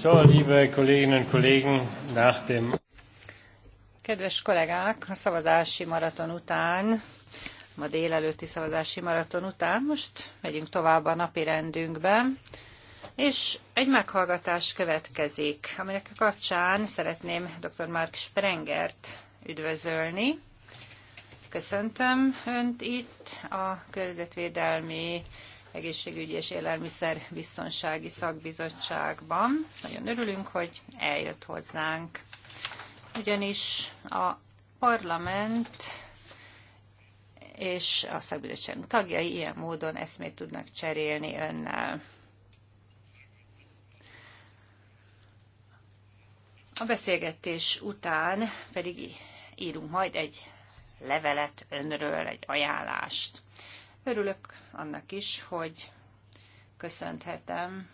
So, liebe Kolleginnen und Kollegen, nach dem Kedves kollégák, a szavazási maraton után, ma délelőtti szavazási maraton után most megyünk tovább a napi rendünkben, és egy meghallgatás következik, aminek a kapcsán szeretném dr. Mark Sprengert üdvözölni. Köszöntöm Önt itt a Környezetvédelmi egészségügyi és élelmiszer biztonsági szakbizottságban. Nagyon örülünk, hogy eljött hozzánk. Ugyanis a parlament és a szakbizottság tagjai ilyen módon eszmét tudnak cserélni önnel. A beszélgetés után pedig írunk majd egy levelet önről, egy ajánlást. Örülök annak is, hogy köszönhetem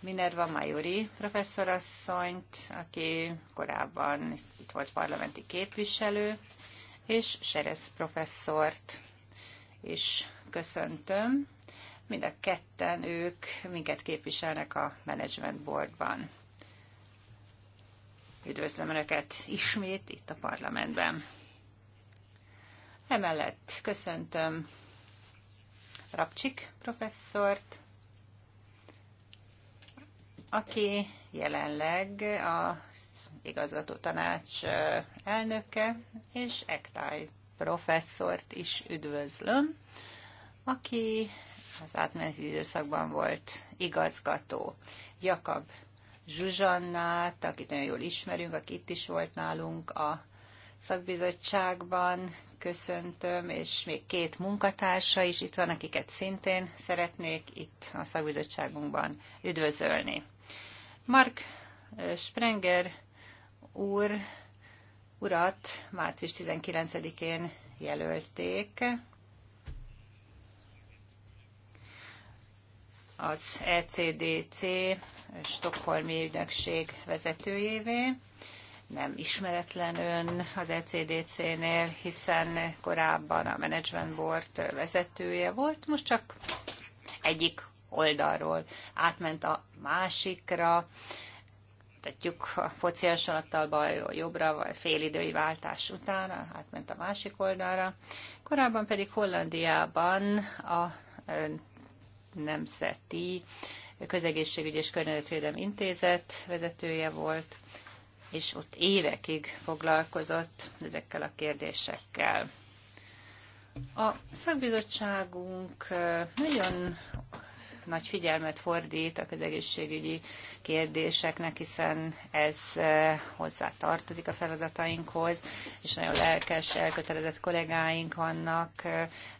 Minerva Majori professzorasszonyt, aki korábban itt volt parlamenti képviselő, és Seresz professzort is köszöntöm. Mind a ketten ők minket képviselnek a Management Boardban. Üdvözlöm Önöket ismét itt a parlamentben. Emellett köszöntöm Rapcsik professzort, aki jelenleg a igazgató tanács elnöke, és Ektály professzort is üdvözlöm, aki az átmeneti időszakban volt igazgató. Jakab Zsuzsannát, akit nagyon jól ismerünk, aki itt is volt nálunk a szakbizottságban köszöntöm, és még két munkatársa is itt van, akiket szintén szeretnék itt a szakbizottságunkban üdvözölni. Mark eh, Sprenger úr urat március 19-én jelölték. az ECDC Stockholmi ügynökség vezetőjévé nem ismeretlen ön az ECDC-nél, hiszen korábban a Management Board vezetője volt, most csak egyik oldalról átment a másikra, mondhatjuk a foci hasonlattal jobbra, vagy félidői váltás után, átment a másik oldalra. Korábban pedig Hollandiában a Nemzeti Közegészségügyi és Környezetvédelmi Intézet vezetője volt, és ott évekig foglalkozott ezekkel a kérdésekkel. A szakbizottságunk nagyon nagy figyelmet fordít a közegészségügyi kérdéseknek, hiszen ez hozzá tartozik a feladatainkhoz, és nagyon lelkes, elkötelezett kollégáink vannak,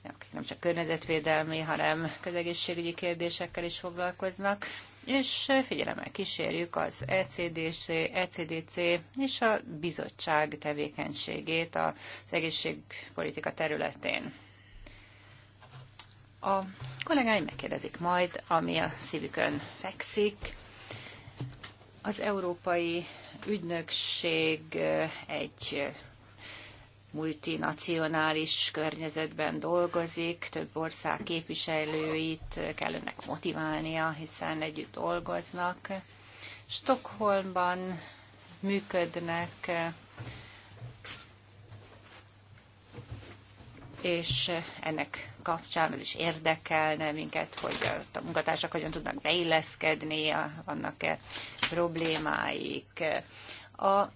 akik nem csak környezetvédelmi, hanem közegészségügyi kérdésekkel is foglalkoznak és figyelemmel kísérjük az ECDC, ECDC és a bizottság tevékenységét az egészségpolitika területén. A kollégáim megkérdezik majd, ami a szívükön fekszik. Az Európai Ügynökség egy multinacionális környezetben dolgozik, több ország képviselőit kell önnek motiválnia, hiszen együtt dolgoznak. Stockholmban működnek, és ennek kapcsán az is érdekelne minket, hogy a munkatársak hogyan tudnak beilleszkedni, vannak-e problémáik, a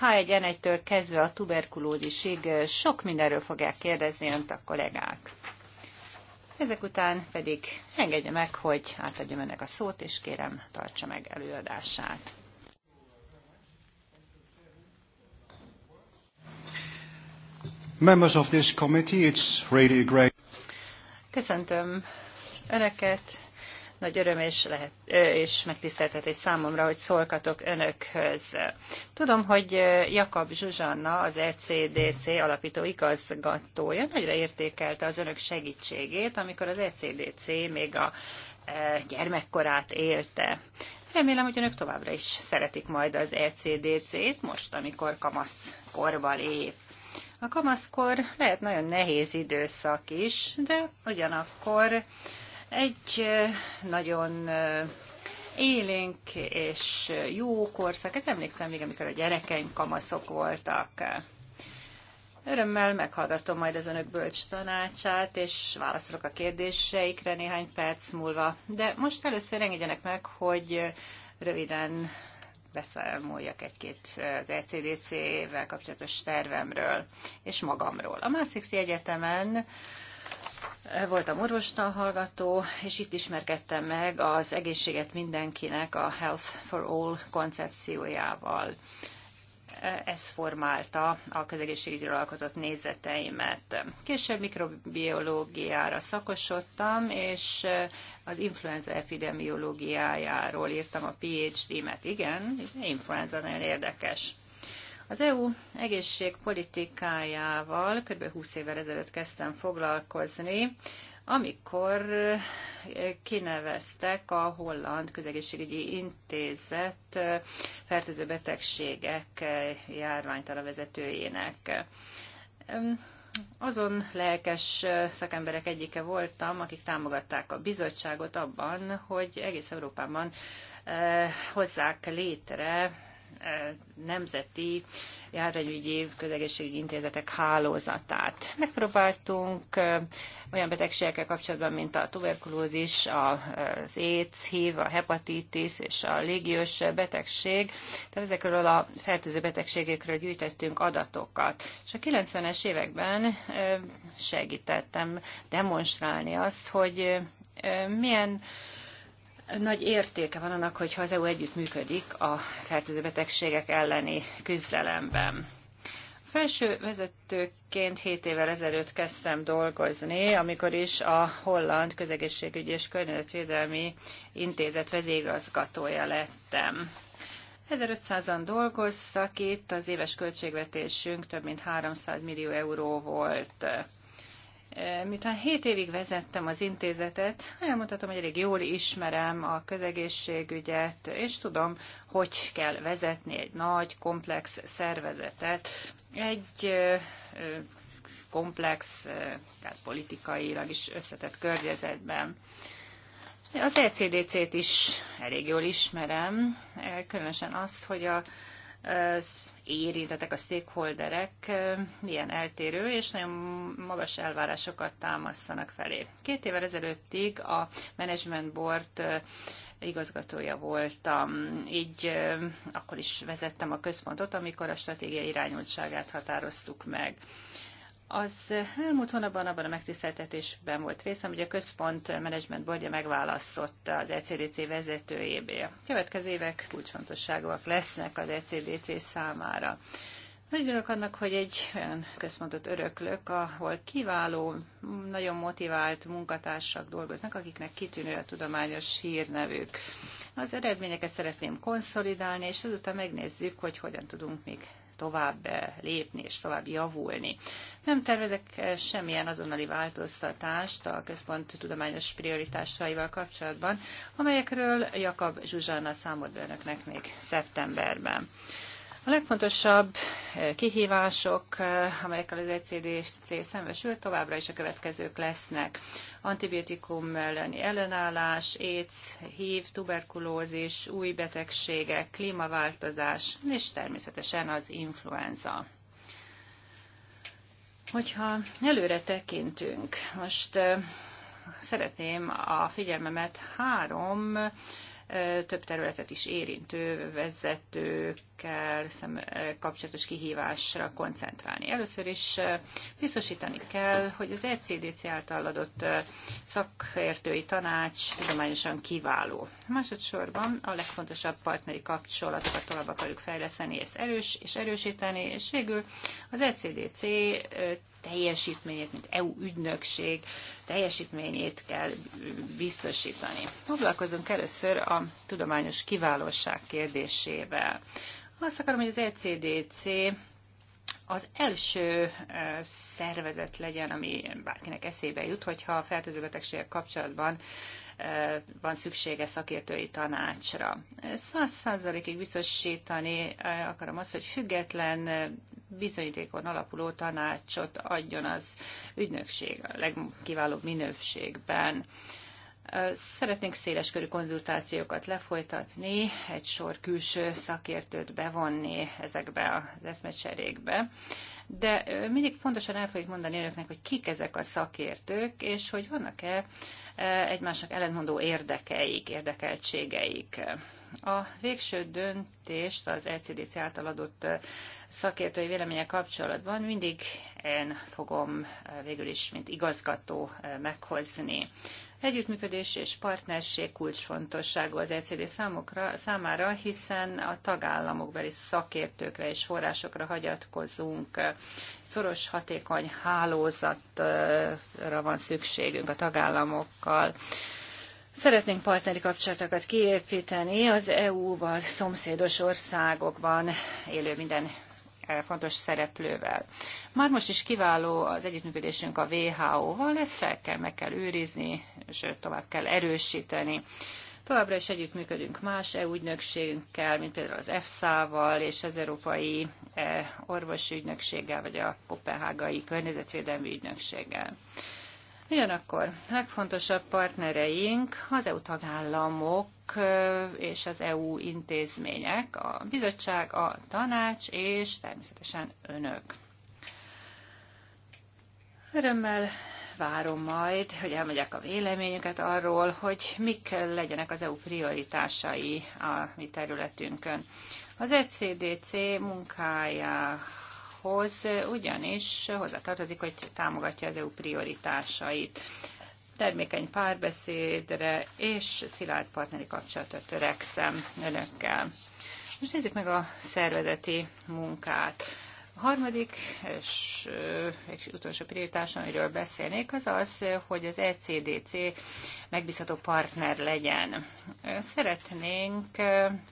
H1N1-től eh, kezdve a tuberkulózisig eh, sok mindenről fogják kérdezni önt a kollégák. Ezek után pedig engedje meg, hogy átadjam önnek a szót, és kérem, tartsa meg előadását. Members of this committee, it's really great. Köszöntöm Önöket, nagy öröm és, lehet, és megtiszteltetés számomra, hogy szolgatok önökhöz. Tudom, hogy Jakab Zsuzsanna, az ECDC alapító igazgatója nagyra értékelte az önök segítségét, amikor az ECDC még a gyermekkorát élte. Remélem, hogy önök továbbra is szeretik majd az ECDC-t, most, amikor kamasz korba lép. A kamaszkor lehet nagyon nehéz időszak is, de ugyanakkor egy nagyon élénk és jó korszak. Ez emlékszem még, amikor a gyerekeink kamaszok voltak. Örömmel meghallgatom majd az önök bölcs tanácsát, és válaszolok a kérdéseikre néhány perc múlva. De most először engedjenek meg, hogy röviden beszámoljak egy-két az ECDC-vel kapcsolatos tervemről és magamról. A Maastrichti Egyetemen Voltam orvostan hallgató, és itt ismerkedtem meg az egészséget mindenkinek a Health for All koncepciójával. Ez formálta a közegészségügyről alkotott nézeteimet. Később mikrobiológiára szakosodtam, és az influenza epidemiológiájáról írtam a PhD-met. Igen, influenza nagyon érdekes az EU egészségpolitikájával kb. 20 évvel ezelőtt kezdtem foglalkozni, amikor eh, kineveztek a Holland Közegészségügyi Intézet eh, fertőző betegségek eh, járványtala vezetőjének. Azon lelkes szakemberek egyike voltam, akik támogatták a bizottságot abban, hogy egész Európában hozzák létre nemzeti járványügyi közegészségügyi intézetek hálózatát. Megpróbáltunk olyan betegségekkel kapcsolatban, mint a tuberkulózis, az AIDS, HIV, a hepatitis és a légiós betegség, tehát ezekről a fertőző betegségekről gyűjtettünk adatokat. És a 90-es években segítettem demonstrálni azt, hogy milyen nagy értéke van annak, hogyha az EU együttműködik a fertőző betegségek elleni küzdelemben. A felső vezetőként 7 évvel ezelőtt kezdtem dolgozni, amikor is a Holland Közegészségügyi és Környezetvédelmi Intézet vezégazgatója lettem. 1500-an dolgoztak itt, az éves költségvetésünk több mint 300 millió euró volt miután 7 évig vezettem az intézetet, elmondhatom, hogy elég jól ismerem a közegészségügyet, és tudom, hogy kell vezetni egy nagy, komplex szervezetet. Egy komplex, tehát politikailag is összetett környezetben. Az ECDC-t is elég jól ismerem, különösen azt, hogy a az érintetek, a stakeholderek milyen eltérő és nagyon magas elvárásokat támasztanak felé. Két évvel ezelőttig a Management Board igazgatója voltam, így akkor is vezettem a központot, amikor a stratégiai irányultságát határoztuk meg. Az eh, elmúlt hónapban abban a megtiszteltetésben volt részem, hogy a központ menedzsment bordja megválasztotta az ECDC vezetőjébe. A következő évek kulcsfontosságúak lesznek az ECDC számára. Nagyon örülök annak, hogy egy olyan központot öröklök, ahol kiváló, nagyon motivált munkatársak dolgoznak, akiknek kitűnő a tudományos hírnevük. Az eredményeket szeretném konszolidálni, és azután megnézzük, hogy hogyan tudunk még tovább lépni és tovább javulni. Nem tervezek semmilyen azonnali változtatást a központ tudományos prioritásaival kapcsolatban, amelyekről Jakab Zsuzsanna számolt be önöknek még szeptemberben. A legfontosabb eh, kihívások, eh, amelyekkel az ECDC szembesül, továbbra is a következők lesznek antibiotikum elleni ellenállás, AIDS, HIV, tuberkulózis, új betegségek, klímaváltozás, és természetesen az influenza. Hogyha előre tekintünk, most szeretném a figyelmemet három több területet is érintő vezetőkkel kapcsolatos kihívásra koncentrálni. Először is biztosítani kell, hogy az ECDC által adott szakértői tanács tudományosan kiváló. Másodszorban a legfontosabb partneri kapcsolatokat tovább akarjuk fejleszteni és erős, és erősíteni, és végül az ECDC teljesítményét, mint EU ügynökség teljesítményét kell biztosítani. Foglalkozunk először a tudományos kiválóság kérdésével. Azt akarom, hogy az ECDC az első szervezet legyen, ami bárkinek eszébe jut, hogyha a fertőző betegségek kapcsolatban van szüksége szakértői tanácsra. Száz százalékig biztosítani akarom azt, hogy független bizonyítékon alapuló tanácsot adjon az ügynökség a legkiválóbb minőségben. Szeretnénk széleskörű konzultációkat lefolytatni, egy sor külső szakértőt bevonni ezekbe az eszmecserékbe, de mindig fontosan el fogjuk mondani önöknek, hogy kik ezek a szakértők, és hogy vannak-e egymásnak ellentmondó érdekeik, érdekeltségeik. A végső döntést az LCDC által adott szakértői véleménye kapcsolatban mindig én fogom végül is, mint igazgató meghozni. Együttműködés és partnerség kulcsfontosságú az ECD számokra, számára, hiszen a tagállamokbeli szakértőkre és forrásokra hagyatkozunk. Szoros, hatékony hálózatra van szükségünk a tagállamokkal. Szeretnénk partneri kapcsolatokat kiépíteni az EU-val szomszédos országokban élő minden e, fontos szereplővel. Már most is kiváló az együttműködésünk a WHO-val, ezt fel kell, meg kell őrizni, és tovább kell erősíteni. Továbbra is együttműködünk más EU ügynökségünkkel, mint például az EFSA-val és az Európai e, Orvosi Ügynökséggel, vagy a Kopenhágai Környezetvédelmi Ügynökséggel. Ugyanakkor legfontosabb partnereink az EU tagállamok és az EU intézmények, a bizottság, a tanács és természetesen önök. Örömmel várom majd, hogy elmegyek a véleményüket arról, hogy mik legyenek az EU prioritásai a mi területünkön. Az ECDC munkája hoz, ugyanis hozzátartozik, hogy támogatja az EU prioritásait termékeny párbeszédre és szilárd partneri kapcsolatot törekszem önökkel. Most nézzük meg a szervezeti munkát. A harmadik és, egy utolsó prioritás, amiről beszélnék, az az, hogy az ECDC megbízható partner legyen. Szeretnénk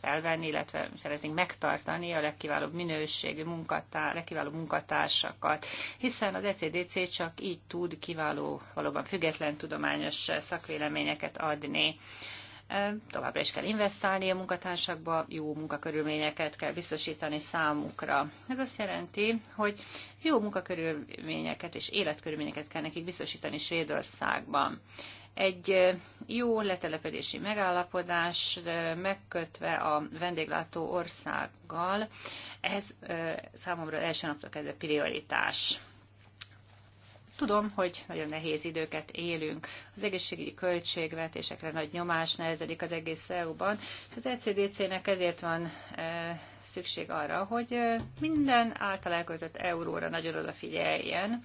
felvenni, illetve szeretnénk megtartani a legkiválóbb minőségű munkatár, legkiválóbb munkatársakat, hiszen az ECDC csak így tud kiváló, valóban független tudományos szakvéleményeket adni. Továbbra is kell investálni a munkatársakba, jó munkakörülményeket kell biztosítani számukra. Ez azt jelenti, hogy jó munkakörülményeket és életkörülményeket kell nekik biztosítani Svédországban egy jó letelepedési megállapodás megkötve a vendéglátó országgal, ez számomra első naptól kezdve prioritás. Tudom, hogy nagyon nehéz időket élünk. Az egészségügyi költségvetésekre nagy nyomás nehezedik az egész EU-ban, az ECDC-nek ezért van e, szükség arra, hogy e, minden által elköltött euróra nagyon odafigyeljen,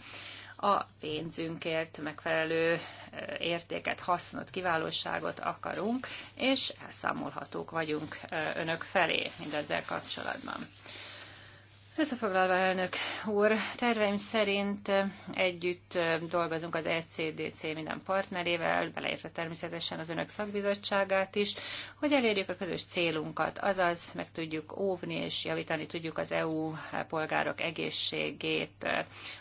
a pénzünkért megfelelő e, értéket, hasznot, kiválóságot akarunk, és elszámolhatók vagyunk önök felé mindezzel kapcsolatban. Összefoglalva, elnök úr, terveim szerint együtt dolgozunk az ECDC minden partnerével, beleértve természetesen az önök szakbizottságát is, hogy elérjük a közös célunkat, azaz meg tudjuk óvni és javítani tudjuk az EU polgárok egészségét.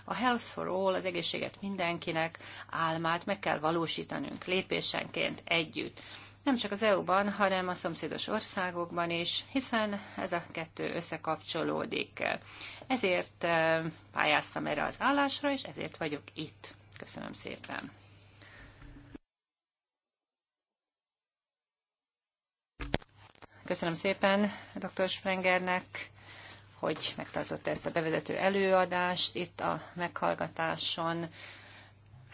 A Health for All, az egészséget mindenkinek álmát meg kell valósítanunk lépésenként együtt nem csak az EU-ban, hanem a szomszédos országokban is, hiszen ez a kettő összekapcsolódik. Ezért eh, pályáztam erre az állásra, és ezért vagyok itt. Köszönöm szépen. Köszönöm szépen dr. Sprengernek, hogy megtartotta ezt a bevezető előadást itt a meghallgatáson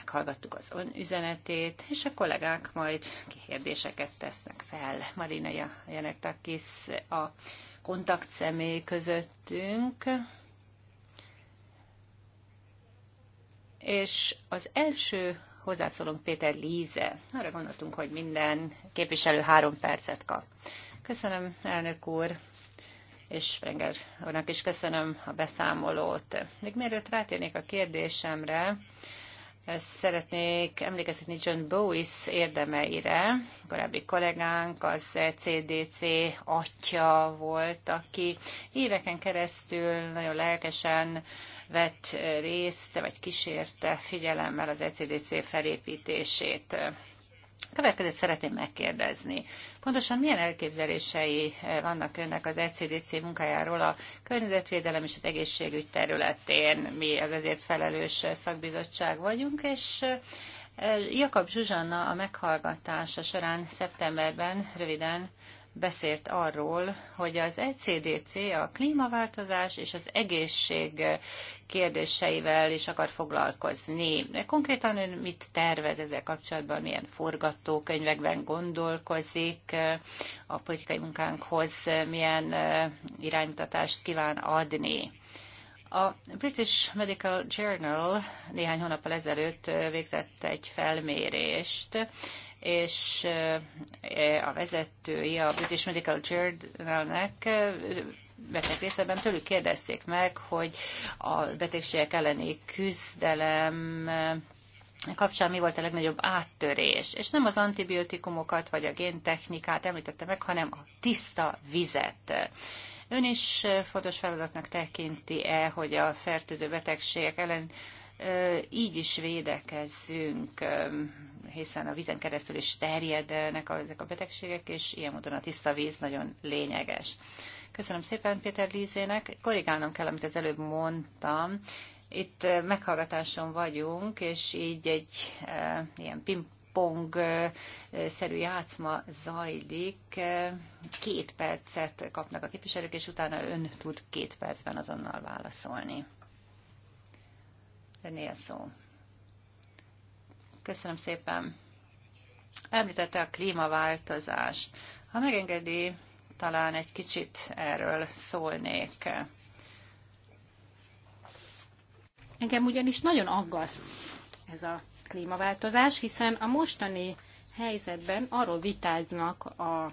meghallgattuk az ön üzenetét, és a kollégák majd kérdéseket tesznek fel. Marina Janetakis a személy közöttünk. És az első hozzászólunk Péter Líze. Arra gondoltunk, hogy minden képviselő három percet kap. Köszönöm, elnök úr, és Sprenger úrnak is köszönöm a beszámolót. Még mielőtt rátérnék a kérdésemre, Szeretnék emlékeztetni John Bowis érdemeire. Korábbi kollégánk az CDC e atya volt, aki éveken keresztül nagyon lelkesen vett részt, vagy kísérte figyelemmel az ECDC felépítését. Következőt szeretném megkérdezni. Pontosan milyen elképzelései vannak önnek az ECDC munkájáról a környezetvédelem és az egészségügy területén? Mi az ezért felelős szakbizottság vagyunk, és eh, Jakab Zsuzsanna a meghallgatása során szeptemberben röviden beszélt arról, hogy az ECDC a klímaváltozás és az egészség kérdéseivel is akar foglalkozni. Konkrétan ön mit tervez ezzel kapcsolatban, milyen forgatókönyvekben gondolkozik a politikai munkánkhoz, milyen iránymutatást kíván adni? A British Medical Journal néhány hónappal ezelőtt végzett egy felmérést, és eh, a vezetője a British Medical Journalnek beteg eh, részeben tőlük kérdezték meg, hogy a betegségek elleni küzdelem eh, kapcsán mi volt a legnagyobb áttörés. És nem az antibiotikumokat vagy a géntechnikát említette meg, hanem a tiszta vizet. Ön is fontos feladatnak tekinti-e, hogy a fertőző betegségek ellen így is védekezzünk, hiszen a vízen keresztül is terjednek ezek a betegségek, és ilyen módon a tiszta víz nagyon lényeges. Köszönöm szépen Péter Lízének. Korrigálnom kell, amit az előbb mondtam. Itt eh, meghallgatáson vagyunk, és így egy e, ilyen pingpong eh, szerű játszma zajlik. Két percet kapnak a képviselők, és utána ön tud két percben azonnal válaszolni. Önél szó. Köszönöm szépen. Említette a klímaváltozást. Ha megengedi, talán egy kicsit erről szólnék. Engem ugyanis nagyon aggaszt ez a klímaváltozás, hiszen a mostani helyzetben arról vitáznak a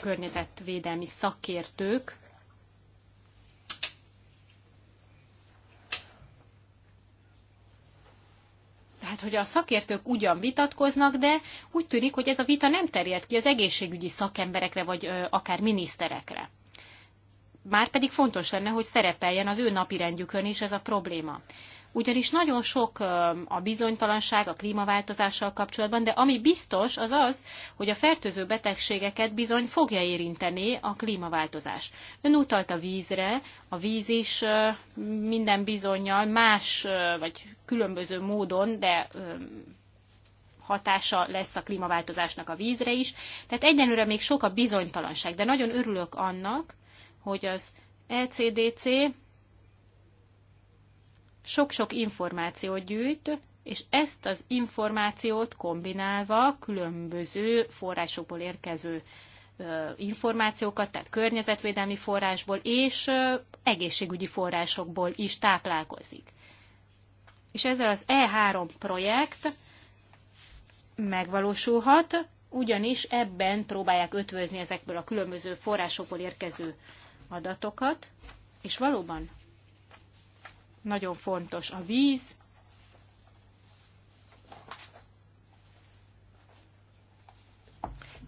környezetvédelmi szakértők, tehát hogy a szakértők ugyan vitatkoznak, de úgy tűnik, hogy ez a vita nem terjed ki az egészségügyi szakemberekre, vagy akár miniszterekre. Márpedig fontos lenne, hogy szerepeljen az ő napirendjükön is ez a probléma ugyanis nagyon sok a bizonytalanság a klímaváltozással kapcsolatban, de ami biztos az az, hogy a fertőző betegségeket bizony fogja érinteni a klímaváltozás. Ön utalt a vízre, a víz is minden bizonyal más vagy különböző módon, de hatása lesz a klímaváltozásnak a vízre is. Tehát egyenlőre még sok a bizonytalanság, de nagyon örülök annak, hogy az ECDC sok-sok információt gyűjt, és ezt az információt kombinálva különböző forrásokból érkező információkat, tehát környezetvédelmi forrásból és egészségügyi forrásokból is táplálkozik. És ezzel az E3 projekt megvalósulhat, ugyanis ebben próbálják ötvözni ezekből a különböző forrásokból érkező adatokat, és valóban nagyon fontos a víz,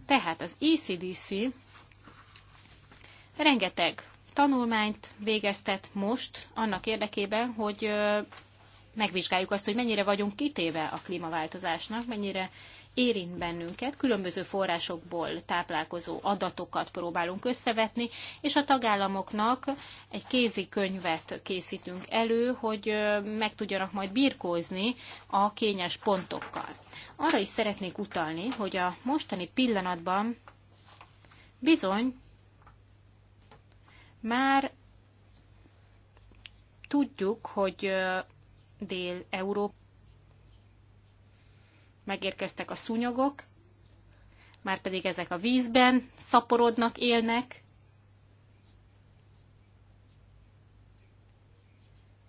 Tehát az ECDC rengeteg tanulmányt végeztet most annak érdekében, hogy megvizsgáljuk azt, hogy mennyire vagyunk kitéve a klímaváltozásnak, mennyire érint bennünket, különböző forrásokból táplálkozó adatokat próbálunk összevetni, és a tagállamoknak egy kézi könyvet készítünk elő, hogy meg tudjanak majd birkózni a kényes pontokkal. Arra is szeretnék utalni, hogy a mostani pillanatban bizony már tudjuk, hogy Dél-Európa megérkeztek a szúnyogok, már pedig ezek a vízben szaporodnak, élnek,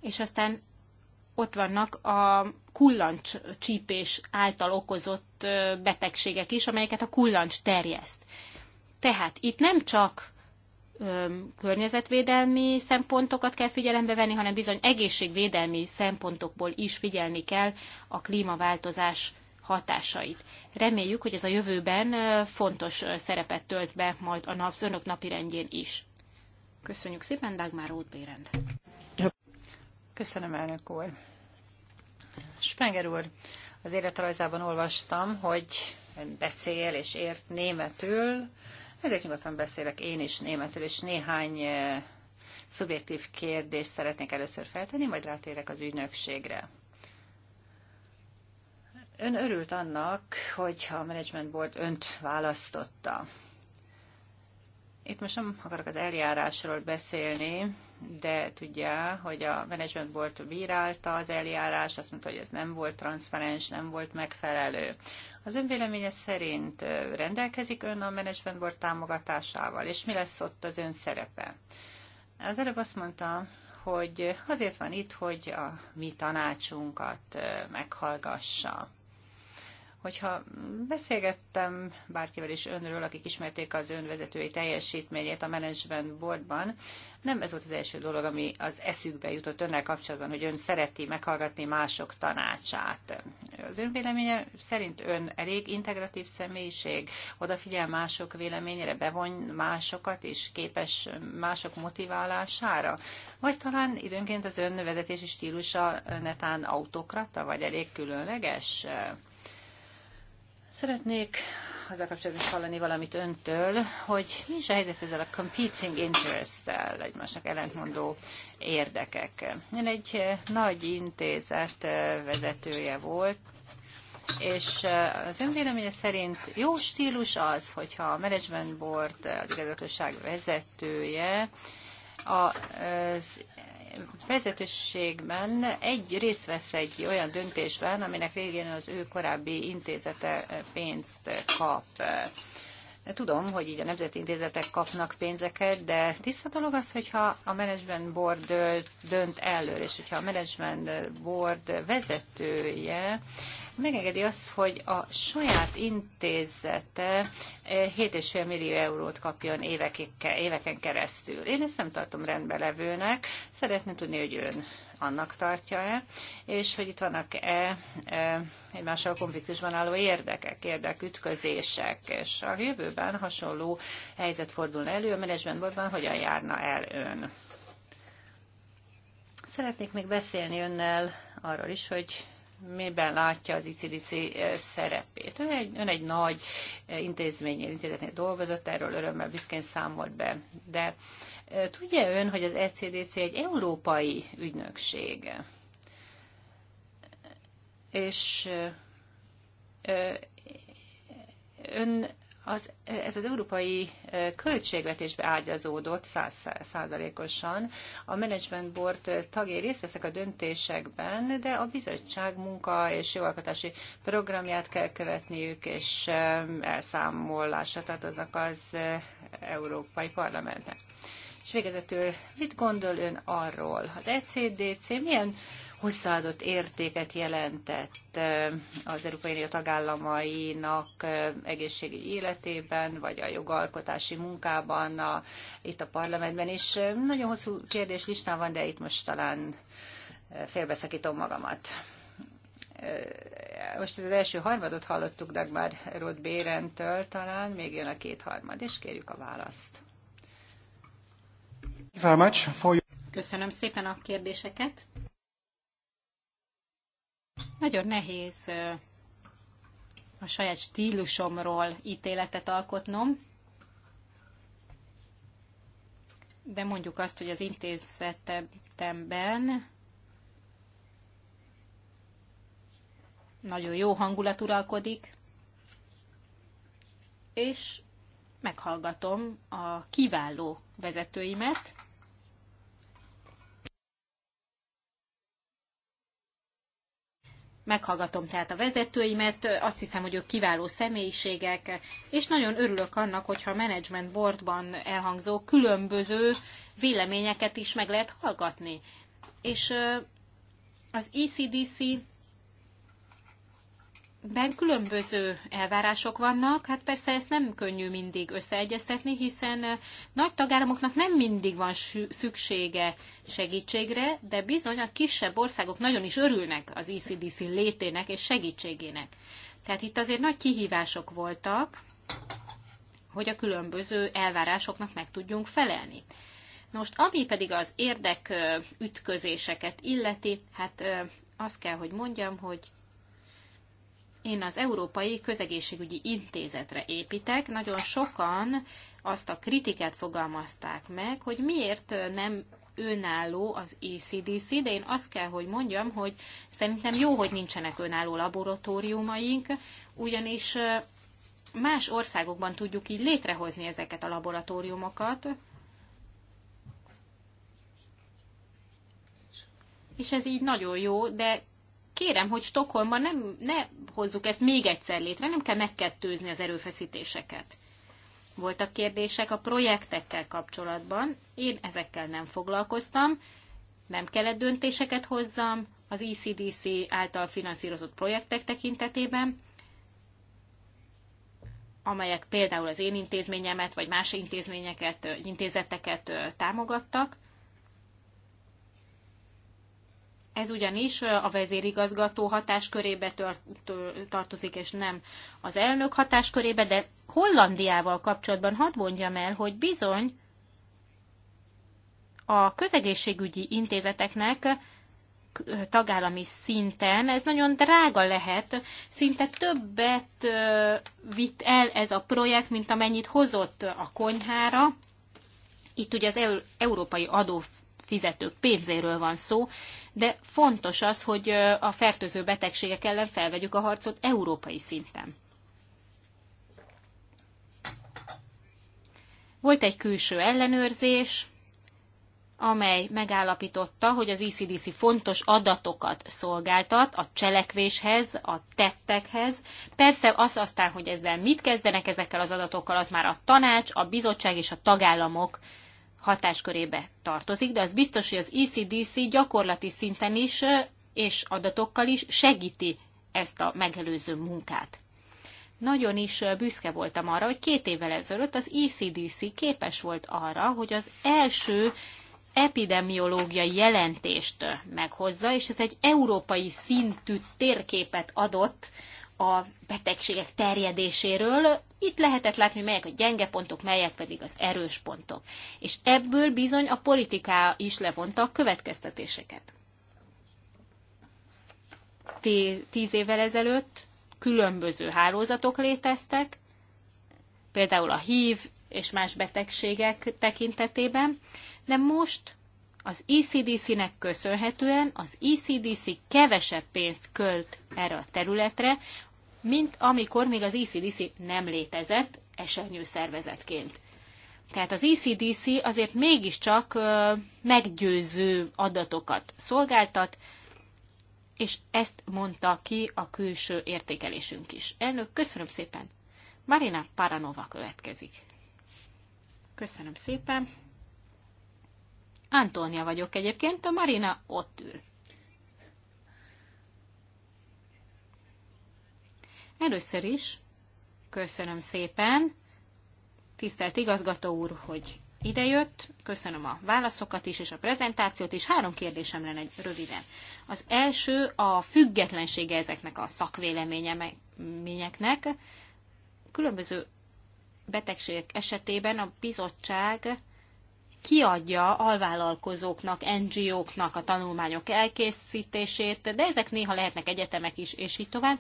és aztán ott vannak a kullancs csípés által okozott betegségek is, amelyeket a kullancs terjeszt. Tehát itt nem csak környezetvédelmi szempontokat kell figyelembe venni, hanem bizony egészségvédelmi szempontokból is figyelni kell a klímaváltozás hatásait. Reméljük, hogy ez a jövőben fontos szerepet tölt be majd a nap, önök napi napirendjén is. Köszönjük szépen, Dagmar Rótbérend. Köszönöm, elnök úr. Spenger úr, az életrajzában olvastam, hogy ön beszél és ért németül, ezért nyugodtan beszélek én is németül, és néhány szubjektív kérdést szeretnék először feltenni, majd rátérek az ügynökségre. Ön örült annak, hogyha a Management Board önt választotta. Itt most nem akarok az eljárásról beszélni, de tudja, hogy a Management Board bírálta az eljárás, azt mondta, hogy ez nem volt transzparens, nem volt megfelelő. Az ön véleménye szerint rendelkezik ön a Management Board támogatásával, és mi lesz ott az ön szerepe? Az előbb azt mondta, hogy azért van itt, hogy a mi tanácsunkat meghallgassa hogyha beszélgettem bárkivel is önről, akik ismerték az önvezetői teljesítményét a Management Boardban, nem ez volt az első dolog, ami az eszükbe jutott önnel kapcsolatban, hogy ön szereti meghallgatni mások tanácsát. Az ön véleménye szerint ön elég integratív személyiség, odafigyel mások véleményére, bevon másokat és képes mások motiválására? Vagy talán időnként az ön vezetési stílusa netán autokrata, vagy elég különleges? Szeretnék azzal kapcsolatban hallani valamit öntől, hogy mi is a helyzet ezzel a competing interest-tel, egymásnak ellentmondó érdekek. Én egy eh, nagy intézet eh, vezetője volt, és eh, az ön véleménye szerint jó stílus az, hogyha a management board, az igazgatóság vezetője az vezetőségben egy részt vesz egy olyan döntésben, aminek végén az ő korábbi intézete pénzt kap. Tudom, hogy így a nemzeti intézetek kapnak pénzeket, de tiszta dolog az, hogyha a management board dönt elő, és hogyha a management board vezetője megengedi azt, hogy a saját intézete 7,5 eh, millió eurót kapjon évekig, éveken keresztül. Én ezt nem tartom rendbelevőnek. szeretném tudni, hogy ön annak tartja-e, és hogy itt vannak-e eh, egymással konfliktusban álló érdekek, érdekütközések, és a jövőben hasonló helyzet fordul elő, a menedzsmentbordban hogyan járna el ön. Szeretnék még beszélni önnel arról is, hogy miben látja az ICDC eh, szerepét. Ön egy, ön egy nagy eh, intézménynél, intézetnél dolgozott, erről örömmel büszkén számolt be, de eh, tudja ön, hogy az ECDC egy európai ügynökség, és ön az, ez az európai költségvetésbe ágyazódott százalékosan. A Management Board tagjai részt veszek a döntésekben, de a bizottság munka és jogalkotási programját kell követniük, és elszámolását tartoznak az Európai Parlamentnek. És végezetül, mit gondol ön arról? Az ECDC milyen hozzáadott értéket jelentett az Európai Unió tagállamainak egészségügyi életében, vagy a jogalkotási munkában, a, itt a parlamentben is. Nagyon hosszú kérdés listán van, de itt most talán félbeszakítom magamat most az első harmadot hallottuk Dagmar Rod Bérentől talán, még jön a kétharmad, és kérjük a választ. Köszönöm szépen a kérdéseket. Nagyon nehéz a saját stílusomról ítéletet alkotnom, de mondjuk azt, hogy az intézetemben nagyon jó hangulat uralkodik, és meghallgatom a kiváló vezetőimet, meghallgatom tehát a vezetőimet, azt hiszem, hogy ők kiváló személyiségek, és nagyon örülök annak, hogyha a management boardban elhangzó különböző véleményeket is meg lehet hallgatni. És az ECDC ben különböző elvárások vannak, hát persze ezt nem könnyű mindig összeegyeztetni, hiszen eh, nagy tagállamoknak nem mindig van szüksége segítségre, de bizony a kisebb országok nagyon is örülnek az ECDC létének és segítségének. Tehát itt azért nagy kihívások voltak, hogy a különböző elvárásoknak meg tudjunk felelni. Most, ami pedig az érdekütközéseket eh, illeti, hát eh, azt kell, hogy mondjam, hogy én az Európai Közegészségügyi Intézetre építek. Nagyon sokan azt a kritikát fogalmazták meg, hogy miért nem önálló az ECDC, de én azt kell, hogy mondjam, hogy szerintem jó, hogy nincsenek önálló laboratóriumaink, ugyanis más országokban tudjuk így létrehozni ezeket a laboratóriumokat, és ez így nagyon jó, de kérem, hogy Stockholmban nem, ne hozzuk ezt még egyszer létre, nem kell megkettőzni az erőfeszítéseket. Voltak kérdések a projektekkel kapcsolatban, én ezekkel nem foglalkoztam, nem kellett döntéseket hozzam az ECDC által finanszírozott projektek tekintetében, amelyek például az én intézményemet, vagy más intézményeket, intézeteket támogattak, Ez ugyanis a vezérigazgató hatáskörébe tartozik, és nem az elnök hatáskörébe, de Hollandiával kapcsolatban hadd mondjam el, hogy bizony a közegészségügyi intézeteknek tagállami szinten, ez nagyon drága lehet, szinte többet vitt el ez a projekt, mint amennyit hozott a konyhára. Itt ugye az európai adó fizetők pénzéről van szó, de fontos az, hogy a fertőző betegségek ellen felvegyük a harcot európai szinten. Volt egy külső ellenőrzés, amely megállapította, hogy az ECDC fontos adatokat szolgáltat a cselekvéshez, a tettekhez. Persze az aztán, hogy ezzel mit kezdenek ezekkel az adatokkal, az már a tanács, a bizottság és a tagállamok hatáskörébe tartozik, de az biztos, hogy az ECDC gyakorlati szinten is és adatokkal is segíti ezt a megelőző munkát. Nagyon is büszke voltam arra, hogy két évvel ezelőtt az ECDC képes volt arra, hogy az első epidemiológiai jelentést meghozza, és ez egy európai szintű térképet adott a betegségek terjedéséről. Itt lehetett látni, melyek a gyenge pontok, melyek pedig az erős pontok. És ebből bizony a politiká is levonta a következtetéseket. Tíz évvel ezelőtt különböző hálózatok léteztek, például a HIV és más betegségek tekintetében, de most az ECDC-nek köszönhetően az ECDC kevesebb pénzt költ erre a területre, mint amikor még az ECDC nem létezett esernyő szervezetként. Tehát az ECDC azért mégiscsak meggyőző adatokat szolgáltat, és ezt mondta ki a külső értékelésünk is. Elnök, köszönöm szépen! Marina Paranova következik. Köszönöm szépen! Antónia vagyok egyébként, a Marina ott ül. Először is köszönöm szépen, tisztelt igazgató úr, hogy idejött, köszönöm a válaszokat is, és a prezentációt is. Három kérdésem lenne egy röviden. Az első a függetlensége ezeknek a szakvéleményeknek. Különböző betegségek esetében a bizottság kiadja alvállalkozóknak, NGO-knak a tanulmányok elkészítését, de ezek néha lehetnek egyetemek is, és így tovább.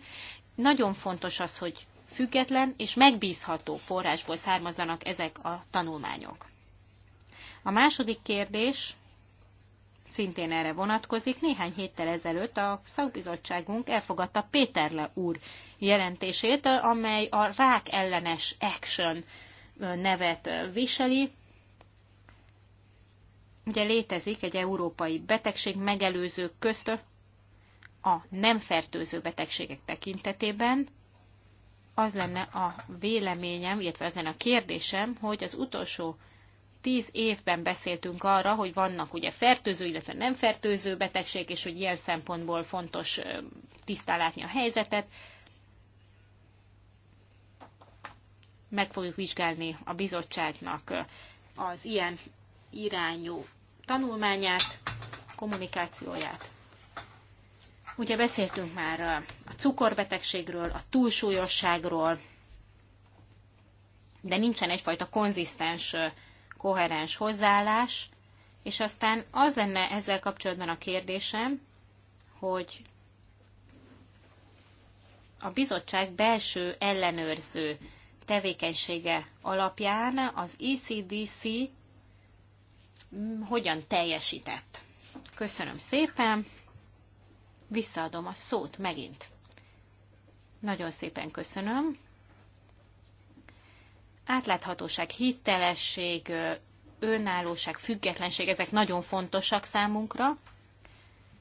Nagyon fontos az, hogy független és megbízható forrásból származzanak ezek a tanulmányok. A második kérdés szintén erre vonatkozik. Néhány héttel ezelőtt a szakbizottságunk elfogadta Péterle úr jelentését, amely a rák ellenes action nevet viseli. Ugye létezik egy európai betegség megelőző közt a nem fertőző betegségek tekintetében az lenne a véleményem, illetve az lenne a kérdésem, hogy az utolsó tíz évben beszéltünk arra, hogy vannak ugye fertőző, illetve nem fertőző betegség, és hogy ilyen szempontból fontos tisztán látni a helyzetet. Meg fogjuk vizsgálni a bizottságnak az ilyen irányú tanulmányát, kommunikációját. Ugye beszéltünk már a cukorbetegségről, a túlsúlyosságról, de nincsen egyfajta konzisztens, koherens hozzáállás, és aztán az lenne ezzel kapcsolatban a kérdésem, hogy a bizottság belső ellenőrző tevékenysége alapján az ECDC mm, hogyan teljesített. Köszönöm szépen! visszaadom a szót megint. Nagyon szépen köszönöm. Átláthatóság, hitelesség, önállóság, függetlenség, ezek nagyon fontosak számunkra.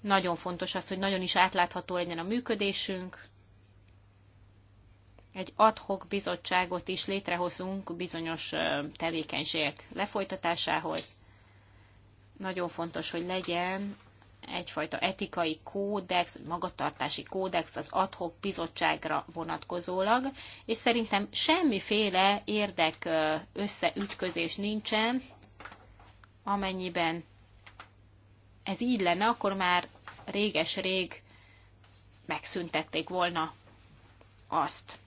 Nagyon fontos az, hogy nagyon is átlátható legyen a működésünk. Egy adhok bizottságot is létrehozunk bizonyos tevékenységek lefolytatásához. Nagyon fontos, hogy legyen egyfajta etikai kódex, magatartási kódex az adhok bizottságra vonatkozólag, és szerintem semmiféle érdek összeütközés nincsen, amennyiben ez így lenne, akkor már réges-rég megszüntették volna azt.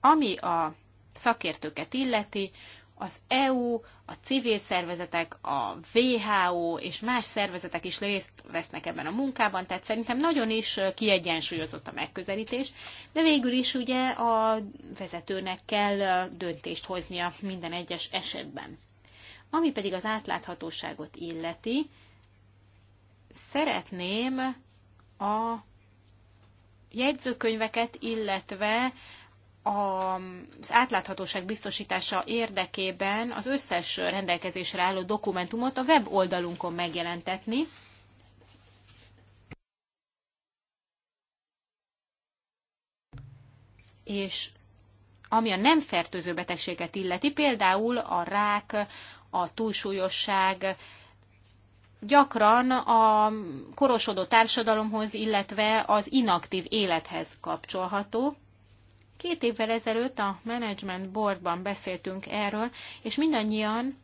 Ami a szakértőket illeti, az EU, a civil szervezetek, a WHO és más szervezetek is részt vesznek ebben a munkában, tehát szerintem nagyon is kiegyensúlyozott a megközelítés, de végül is ugye a vezetőnek kell döntést hoznia minden egyes esetben. Ami pedig az átláthatóságot illeti, szeretném a jegyzőkönyveket, illetve az átláthatóság biztosítása érdekében az összes rendelkezésre álló dokumentumot a weboldalunkon megjelentetni. És ami a nem fertőző betegséget illeti, például a rák, a túlsúlyosság, gyakran a korosodó társadalomhoz, illetve az inaktív élethez kapcsolható. Két évvel ezelőtt a Management Boardban beszéltünk erről, és mindannyian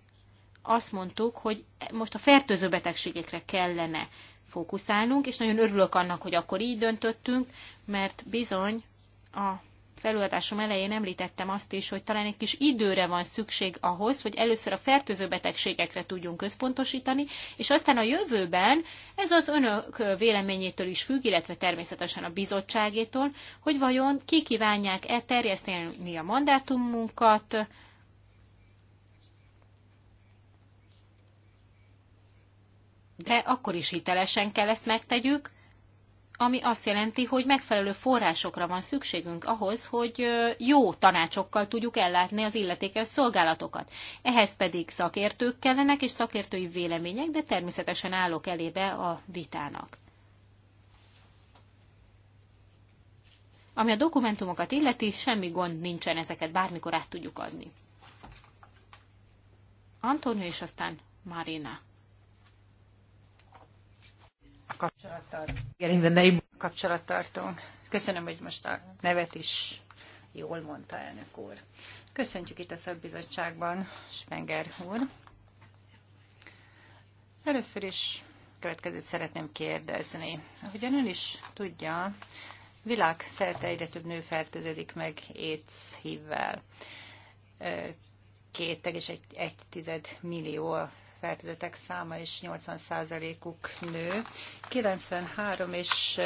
azt mondtuk, hogy most a fertőző betegségekre kellene fókuszálnunk, és nagyon örülök annak, hogy akkor így döntöttünk, mert bizony a az előadásom elején említettem azt is, hogy talán egy kis időre van szükség ahhoz, hogy először a fertőző betegségekre tudjunk központosítani, és aztán a jövőben ez az önök véleményétől is függ, illetve természetesen a bizottságétól, hogy vajon ki kívánják-e terjeszteni a mandátumunkat, de akkor is hitelesen kell ezt megtegyük, ami azt jelenti, hogy megfelelő forrásokra van szükségünk ahhoz, hogy jó tanácsokkal tudjuk ellátni az illetékes szolgálatokat. Ehhez pedig szakértők kellenek és szakértői vélemények, de természetesen állok elébe a vitának. Ami a dokumentumokat illeti, semmi gond nincsen, ezeket bármikor át tudjuk adni. Antonio és aztán Marina kapcsolattartó. kapcsolattartó. Köszönöm, hogy most a nevet is jól mondta elnök úr. Köszöntjük itt a szakbizottságban, Spenger úr. Először is következőt szeretném kérdezni. Ahogyan ön is tudja, világszerte egyre több nő fertőződik meg AIDS hívvel. 2,1 millió fertőzöttek száma is 80%-uk nő. 93 és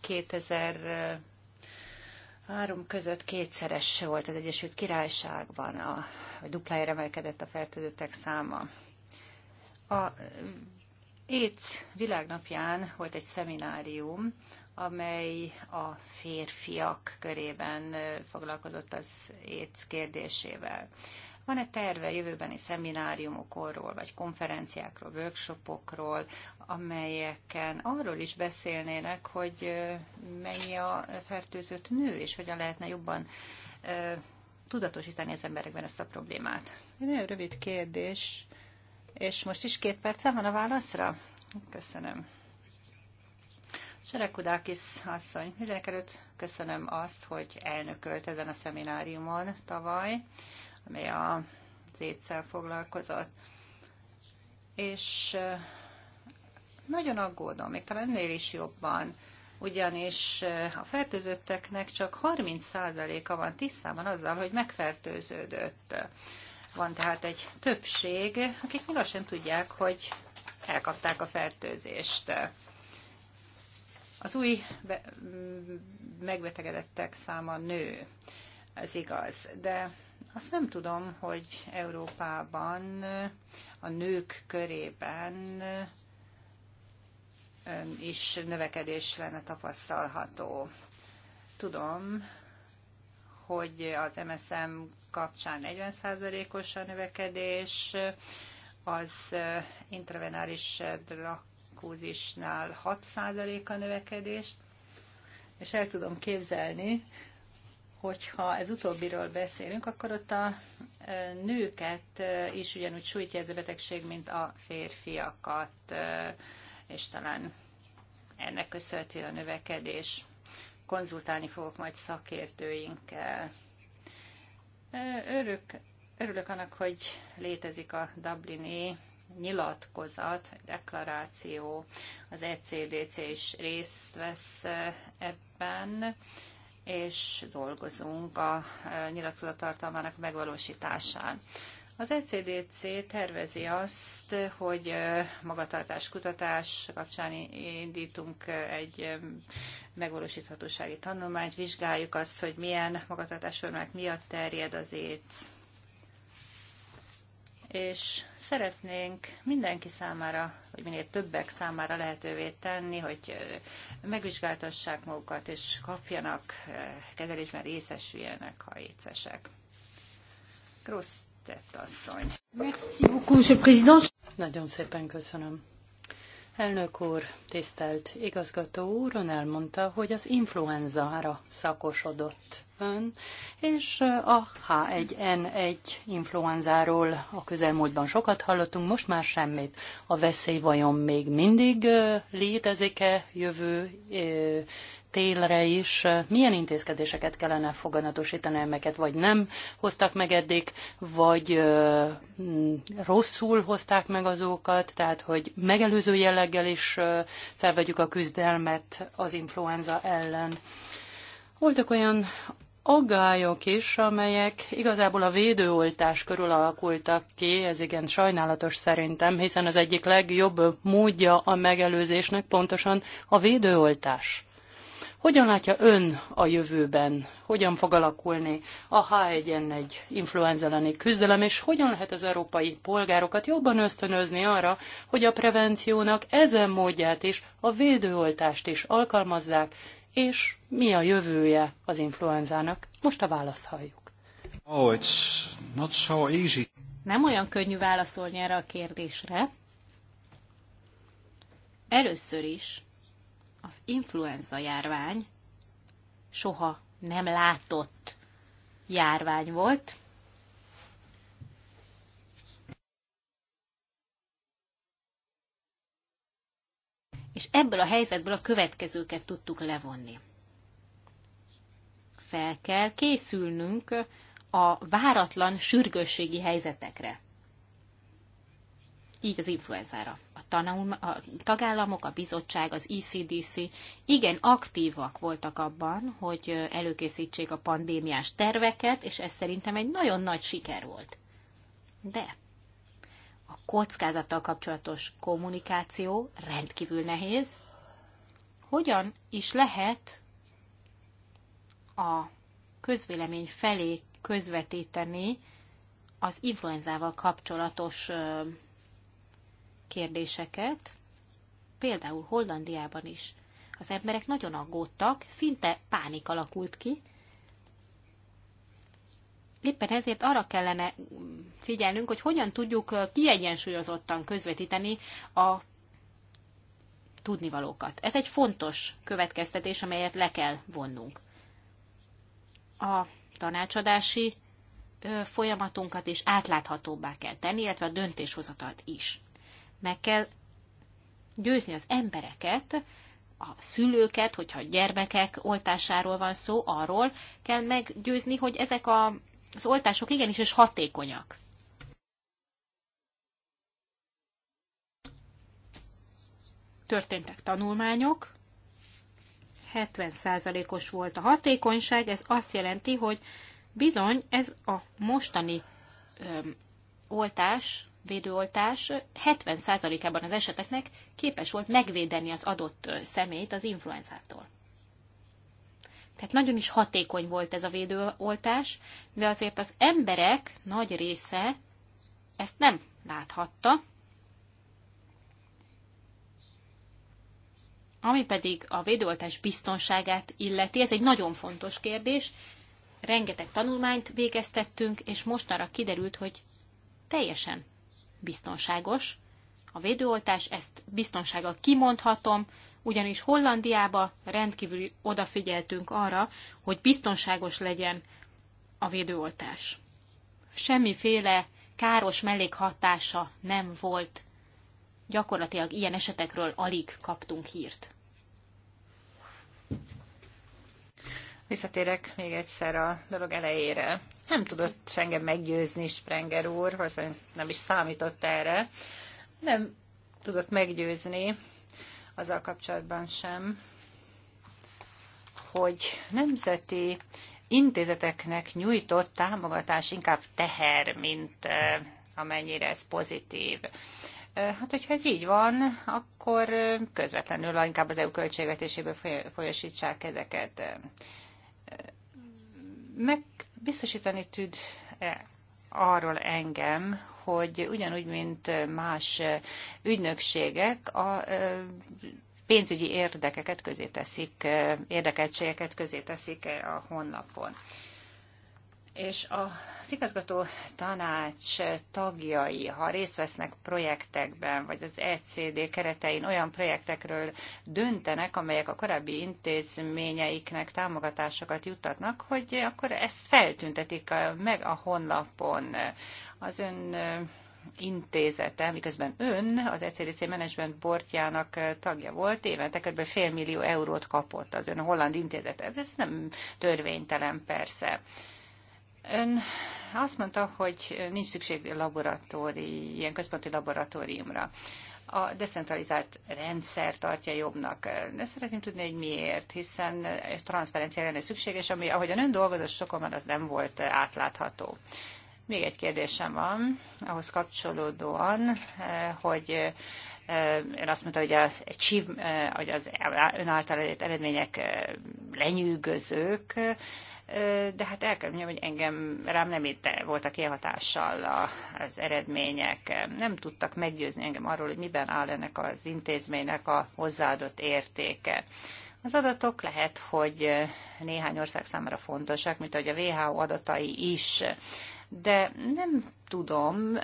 2000 Három között kétszeres volt az Egyesült Királyságban, a, a duplájára emelkedett a fertőzöttek száma. A ÉC világnapján volt egy szeminárium, amely a férfiak körében foglalkozott az ÉC kérdésével. Van-e terve jövőbeni szemináriumokról, vagy konferenciákról, workshopokról, amelyeken arról is beszélnének, hogy mennyi a fertőzött nő, és hogyan lehetne jobban tudatosítani az emberekben ezt a problémát? Egy nagyon rövid kérdés, és most is két percem van a válaszra? Köszönöm. Seregudákis asszony, mindenek előtt köszönöm azt, hogy elnökölt ezen a szemináriumon tavaly ami a étszel foglalkozott. És nagyon aggódom, még talán ennél is jobban, ugyanis a fertőzötteknek csak 30%-a van tisztában azzal, hogy megfertőződött. Van tehát egy többség, akik még azt sem tudják, hogy elkapták a fertőzést. Az új megbetegedettek száma nő, ez igaz, de azt nem tudom, hogy Európában a nők körében is növekedés lenne tapasztalható. Tudom, hogy az MSM kapcsán 40%-os a növekedés, az intravenális drakúzisnál 6% a növekedés, és el tudom képzelni, hogyha ez utóbbiről beszélünk, akkor ott a nőket is ugyanúgy sújtja ez a betegség, mint a férfiakat, és talán ennek köszönhető a növekedés. Konzultálni fogok majd szakértőinkkel. Örök, örülök annak, hogy létezik a Dublini nyilatkozat, deklaráció, az ECDC is részt vesz ebben, és dolgozunk a nyilatkozat tartalmának megvalósításán. Az ECDC tervezi azt, hogy magatartás kutatás kapcsán indítunk egy megvalósíthatósági tanulmányt, vizsgáljuk azt, hogy milyen magatartásformák miatt terjed az ÉC és szeretnénk mindenki számára, hogy minél többek számára lehetővé tenni, hogy megvizsgáltassák magukat, és kapjanak kezelésben részesüljenek, ha écesek. Grosz tett asszony. Merci beaucoup, Nagyon szépen köszönöm. Elnök úr, tisztelt igazgató úr, ön elmondta, hogy az influenzára szakosodott ön, és a H1N1 influenzáról a közelmúltban sokat hallottunk, most már semmit. A veszély vajon még mindig létezik-e jövő télre is milyen intézkedéseket kellene foganatosítani, amelyeket vagy nem hoztak meg eddig, vagy rosszul hozták meg azokat, tehát hogy megelőző jelleggel is felvegyük a küzdelmet az influenza ellen. Voltak olyan aggályok is, amelyek igazából a védőoltás körül alakultak ki, ez igen sajnálatos szerintem, hiszen az egyik legjobb módja a megelőzésnek pontosan a védőoltás. Hogyan látja ön a jövőben, hogyan fog alakulni a H1N1 influenza elleni küzdelem, és hogyan lehet az európai polgárokat jobban ösztönözni arra, hogy a prevenciónak ezen módját is, a védőoltást is alkalmazzák, és mi a jövője az influenzának? Most a választ halljuk. Oh, it's not so easy. Nem olyan könnyű válaszolni erre a kérdésre. Először is az influenza járvány soha nem látott járvány volt. És ebből a helyzetből a következőket tudtuk levonni. Fel kell készülnünk a váratlan sürgősségi helyzetekre így az influenzára. A, tanul, a tagállamok, a bizottság, az ECDC igen aktívak voltak abban, hogy előkészítsék a pandémiás terveket, és ez szerintem egy nagyon nagy siker volt. De a kockázattal kapcsolatos kommunikáció rendkívül nehéz. Hogyan is lehet a közvélemény felé közvetíteni az influenzával kapcsolatos kérdéseket, például Hollandiában is. Az emberek nagyon aggódtak, szinte pánik alakult ki. Éppen ezért arra kellene figyelnünk, hogy hogyan tudjuk kiegyensúlyozottan közvetíteni a tudnivalókat. Ez egy fontos következtetés, amelyet le kell vonnunk. A tanácsadási folyamatunkat is átláthatóbbá kell tenni, illetve a döntéshozatalt is meg kell győzni az embereket, a szülőket, hogyha gyermekek oltásáról van szó, arról kell meggyőzni, hogy ezek a, az oltások igenis és hatékonyak. Történtek tanulmányok, 70%-os volt a hatékonyság, ez azt jelenti, hogy bizony ez a mostani öm, oltás védőoltás 70%-ában az eseteknek képes volt megvédeni az adott személyt az influenzától. Tehát nagyon is hatékony volt ez a védőoltás, de azért az emberek nagy része ezt nem láthatta. Ami pedig a védőoltás biztonságát illeti, ez egy nagyon fontos kérdés. Rengeteg tanulmányt végeztettünk, és mostanra kiderült, hogy teljesen biztonságos. A védőoltás, ezt biztonsággal kimondhatom, ugyanis Hollandiába rendkívül odafigyeltünk arra, hogy biztonságos legyen a védőoltás. Semmiféle káros mellékhatása nem volt. Gyakorlatilag ilyen esetekről alig kaptunk hírt. Visszatérek még egyszer a dolog elejére. Nem tudott senge meggyőzni Sprenger úr, hiszen nem is számított erre. Nem tudott meggyőzni azzal kapcsolatban sem, hogy nemzeti intézeteknek nyújtott támogatás inkább teher, mint amennyire ez pozitív. Hát, hogyha ez így van, akkor közvetlenül inkább az EU költségvetéséből folyosítsák ezeket meg biztosítani tud eh, arról engem, hogy ugyanúgy, mint eh, más eh, ügynökségek, a pénzügyi érdekeket közé teszik, érdekeltségeket közé teszik a honlapon és a igazgató tanács tagjai, ha részt vesznek projektekben, vagy az ECD keretein olyan projektekről döntenek, amelyek a korábbi intézményeiknek támogatásokat juttatnak, hogy akkor ezt feltüntetik meg a honlapon. Az ön intézete, miközben ön az ECDC Management Bortjának tagja volt, évente kb. fél millió eurót kapott az ön holland intézete. Ez nem törvénytelen persze. Ön azt mondta, hogy nincs szükség laboratóri, ilyen központi laboratóriumra. A decentralizált rendszer tartja jobbnak. De szeretném tudni, hogy miért, hiszen ez transzferencia lenne szükséges, ami ahogyan ön dolgozott sokan, az nem volt átlátható. Még egy kérdésem van, ahhoz kapcsolódóan, eh, hogy eh, ön azt mondta, hogy az, eh, hogy az ön által elért eredmények lenyűgözők, de hát el kell mondjam, hogy engem rám nem érte voltak ilyen hatással az eredmények. Nem tudtak meggyőzni engem arról, hogy miben áll ennek az intézménynek a hozzáadott értéke. Az adatok lehet, hogy néhány ország számára fontosak, mint ahogy a WHO adatai is, de nem tudom,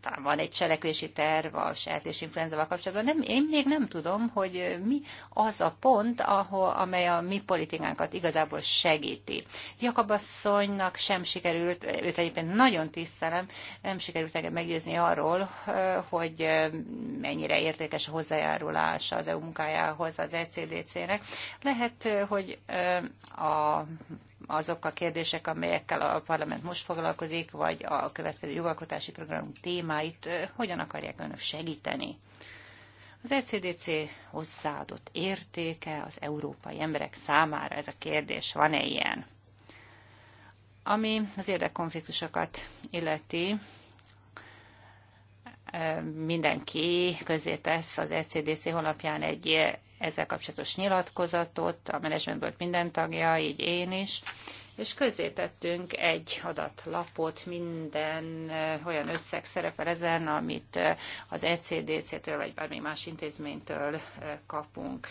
talán van egy cselekvési terv a sertés influenzával kapcsolatban, nem, én még nem tudom, hogy mi az a pont, ahol, amely a mi politikánkat igazából segíti. Jakab asszonynak sem sikerült, őt egyébként nagyon tisztelem, nem sikerült engem meggyőzni arról, hogy mennyire értékes a hozzájárulása az EU munkájához az ECDC-nek. Lehet, hogy a azok a kérdések, amelyekkel a parlament most foglalkozik, vagy a következő jogalkotási program témáit hogyan akarják önök segíteni. Az ECDC hozzáadott értéke az európai emberek számára ez a kérdés, van-e ilyen? Ami az érdekkonfliktusokat illeti, mindenki közé tesz az ECDC honlapján egy ezzel kapcsolatos nyilatkozatot, a volt minden tagja, így én is, és közzétettünk egy adatlapot, minden eh, olyan összeg szerepel ezen, amit eh, az ECDC-től vagy bármi más intézménytől eh, kapunk.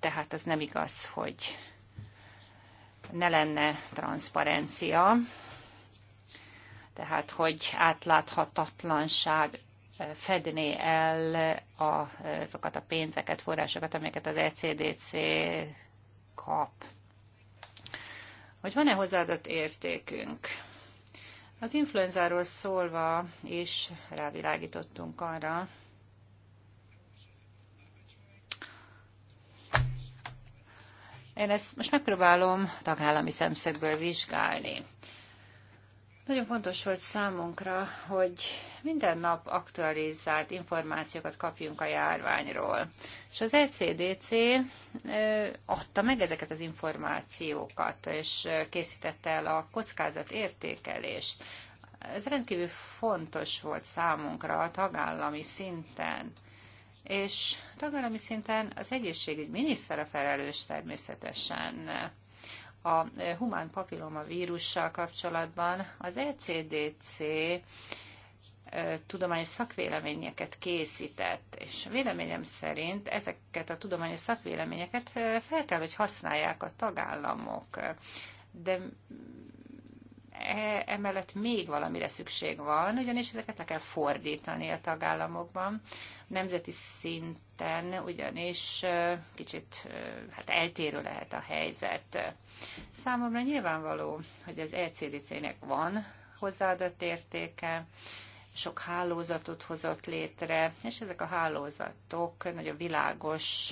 Tehát az nem igaz, hogy ne lenne transzparencia, tehát hogy átláthatatlanság fedni el azokat a pénzeket, forrásokat, amiket az ECDC kap. Hogy van-e hozzáadott értékünk? Az influenzáról szólva is rávilágítottunk arra, Én ezt most megpróbálom tagállami szemszögből vizsgálni. Nagyon fontos volt számunkra, hogy minden nap aktualizált információkat kapjunk a járványról. És az ECDC adta meg ezeket az információkat, és készítette el a kockázat értékelést. Ez rendkívül fontos volt számunkra a tagállami szinten. És tagállami szinten az egészségügy minisztere felelős természetesen a humán papilloma vírussal kapcsolatban az ECDC tudományos szakvéleményeket készített, és véleményem szerint ezeket a tudományos szakvéleményeket fel kell, hogy használják a tagállamok. De E, emellett még valamire szükség van, ugyanis ezeket le kell fordítani a tagállamokban. Nemzeti szinten ugyanis e, kicsit e, hát eltérő lehet a helyzet. Számomra nyilvánvaló, hogy az ECDC-nek van hozzáadott értéke, sok hálózatot hozott létre, és ezek a hálózatok nagyon világos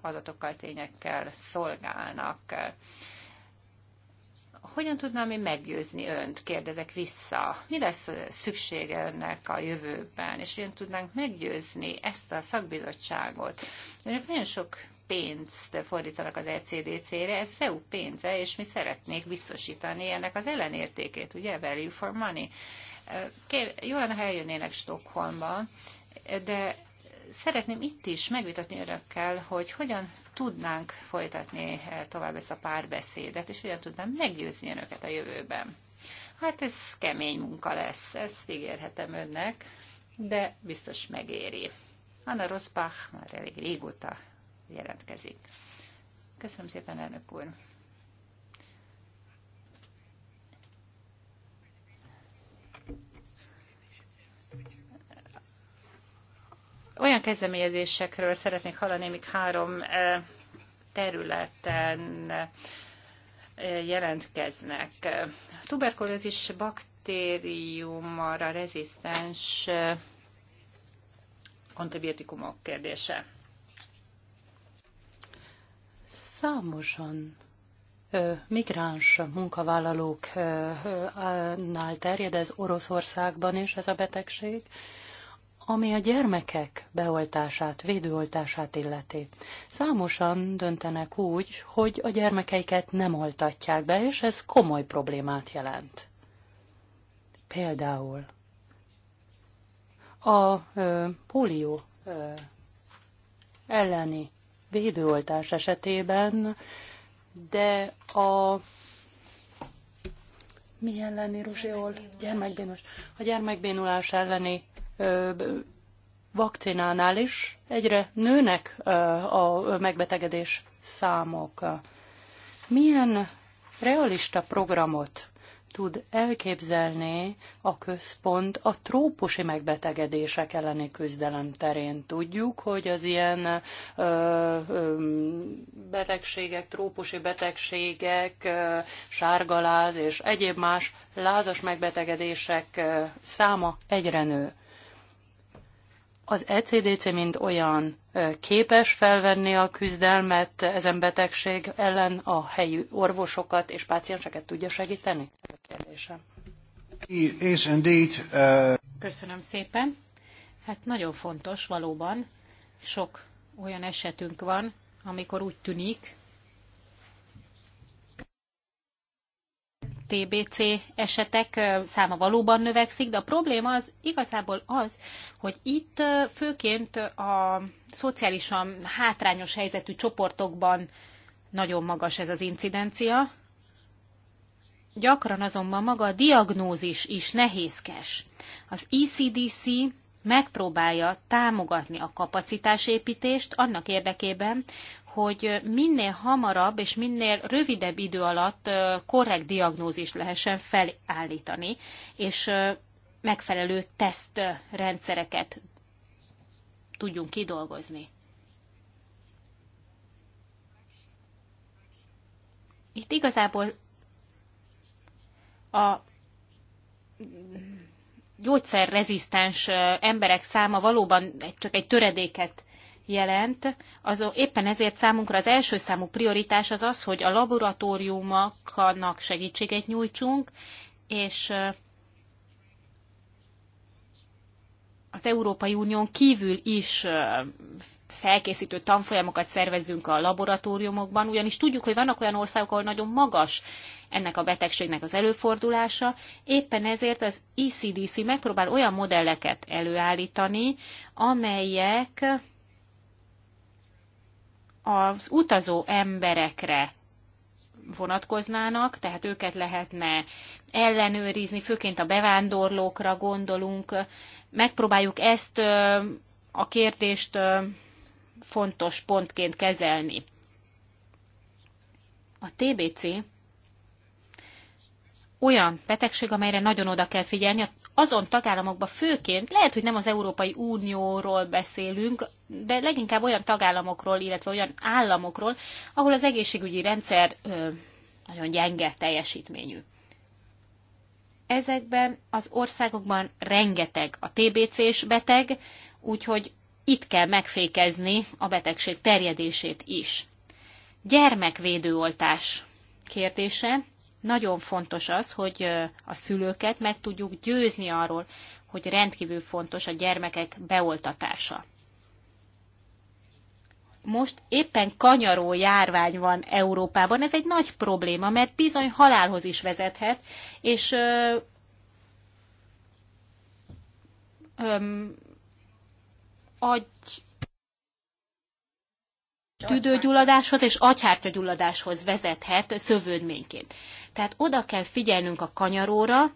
adatokkal, tényekkel szolgálnak. Hogyan tudnám én meggyőzni önt, kérdezek vissza, mi lesz szüksége önnek a jövőben, és hogyan tudnánk meggyőzni ezt a szakbizottságot. Önök nagyon sok pénzt fordítanak az ECDC-re, ez EU pénze, és mi szeretnék biztosítani ennek az ellenértékét, ugye, value for money. Kér, jó lenne, ha eljönnének Stockholmba, de szeretném itt is megvitatni önökkel, hogy hogyan tudnánk folytatni tovább ezt a párbeszédet, és hogyan tudnám meggyőzni önöket a jövőben. Hát ez kemény munka lesz, ezt ígérhetem önnek, de biztos megéri. Anna Rosbach már elég régóta jelentkezik. Köszönöm szépen, elnök úr! Olyan kezdeményezésekről szeretnék hallani, amik három területen jelentkeznek. A tuberkulózis baktériumra rezisztens antibiotikumok kérdése. Számosan migráns munkavállalóknál terjed ez Oroszországban is ez a betegség, ami a gyermekek beoltását, védőoltását illeti. Számosan döntenek úgy, hogy a gyermekeiket nem oltatják be, és ez komoly problémát jelent. Például a ö, polió ö, elleni védőoltás esetében, de a mi elleni, Ruzsiol? Gyermekbénulás. A gyermekbénulás elleni vakcinánál is egyre nőnek a megbetegedés számok. Milyen realista programot tud elképzelni a központ a trópusi megbetegedések elleni küzdelem terén. Tudjuk, hogy az ilyen ö, ö, betegségek, trópusi betegségek, ö, sárgaláz és egyéb más lázas megbetegedések ö, száma egyre nő. Az ECDC mind olyan képes felvenni a küzdelmet ezen betegség ellen, a helyi orvosokat és pácienseket tudja segíteni? Ez a kérdésem. Is indeed, uh... Köszönöm szépen. Hát nagyon fontos valóban. Sok olyan esetünk van, amikor úgy tűnik, TBC esetek száma valóban növekszik, de a probléma az igazából az, hogy itt főként a szociálisan hátrányos helyzetű csoportokban nagyon magas ez az incidencia. Gyakran azonban maga a diagnózis is nehézkes. Az ECDC megpróbálja támogatni a kapacitásépítést annak érdekében, hogy minél hamarabb és minél rövidebb idő alatt korrekt diagnózist lehessen felállítani, és megfelelő tesztrendszereket tudjunk kidolgozni. Itt igazából a gyógyszerrezisztens emberek száma valóban csak egy töredéket jelent, az éppen ezért számunkra az első számú prioritás az az, hogy a laboratóriumoknak segítséget nyújtsunk, és az Európai Unión kívül is felkészítő tanfolyamokat szervezzünk a laboratóriumokban, ugyanis tudjuk, hogy vannak olyan országok, ahol nagyon magas ennek a betegségnek az előfordulása. Éppen ezért az ECDC megpróbál olyan modelleket előállítani, amelyek az utazó emberekre vonatkoznának, tehát őket lehetne ellenőrizni, főként a bevándorlókra gondolunk. Megpróbáljuk ezt a kérdést fontos pontként kezelni. A TBC olyan betegség, amelyre nagyon oda kell figyelni. Azon tagállamokban főként, lehet, hogy nem az Európai Unióról beszélünk, de leginkább olyan tagállamokról, illetve olyan államokról, ahol az egészségügyi rendszer ö, nagyon gyenge teljesítményű. Ezekben az országokban rengeteg a TBC-s beteg, úgyhogy itt kell megfékezni a betegség terjedését is. Gyermekvédőoltás kérdése nagyon fontos az, hogy a szülőket meg tudjuk győzni arról, hogy rendkívül fontos a gyermekek beoltatása. Most éppen kanyaró járvány van Európában, ez egy nagy probléma, mert bizony halálhoz is vezethet, és ö, ö, agy tüdőgyulladáshoz és agyhártyagyulladáshoz vezethet szövődményként. Tehát oda kell figyelnünk a kanyaróra,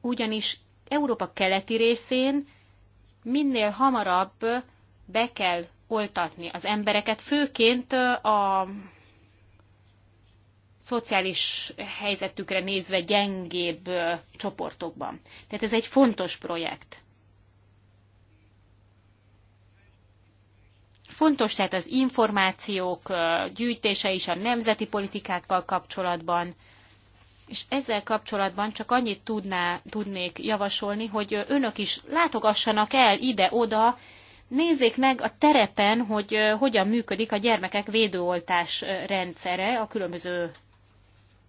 ugyanis Európa keleti részén minél hamarabb be kell oltatni az embereket, főként a szociális helyzetükre nézve gyengébb csoportokban. Tehát ez egy fontos projekt. Fontos tehát az információk gyűjtése is a nemzeti politikákkal kapcsolatban, és ezzel kapcsolatban csak annyit tudná, tudnék javasolni, hogy önök is látogassanak el ide-oda, nézzék meg a terepen, hogy hogyan működik a gyermekek védőoltás rendszere a különböző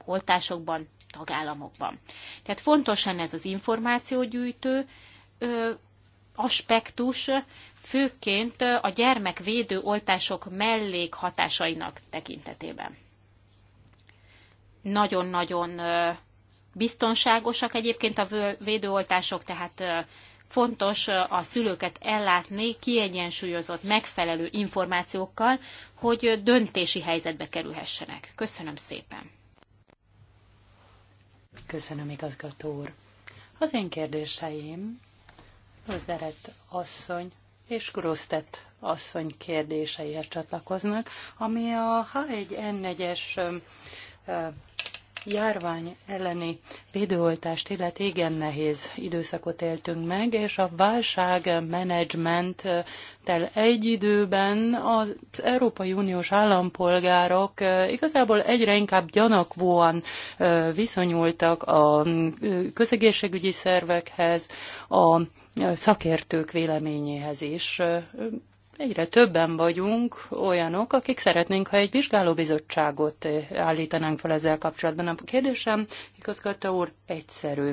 oltásokban, tagállamokban. Tehát fontos lenne ez az információgyűjtő aspektus, főként a gyermekvédő oltások mellékhatásainak tekintetében. Nagyon-nagyon biztonságosak egyébként a védőoltások, tehát fontos a szülőket ellátni kiegyensúlyozott, megfelelő információkkal, hogy döntési helyzetbe kerülhessenek. Köszönöm szépen! Köszönöm, igazgató úr. Az én kérdéseim Rozderet asszony és Grosztett asszony kérdéseihez csatlakoznak, ami a H1N1-es járvány elleni védőoltást illeti igen nehéz időszakot éltünk meg, és a válság menedzsmenttel egy időben az Európai Uniós állampolgárok igazából egyre inkább gyanakvóan viszonyultak a közegészségügyi szervekhez, a szakértők véleményéhez is. Egyre többen vagyunk olyanok, akik szeretnénk, ha egy vizsgálóbizottságot állítanánk fel ezzel kapcsolatban. A kérdésem, igazgató úr, egyszerű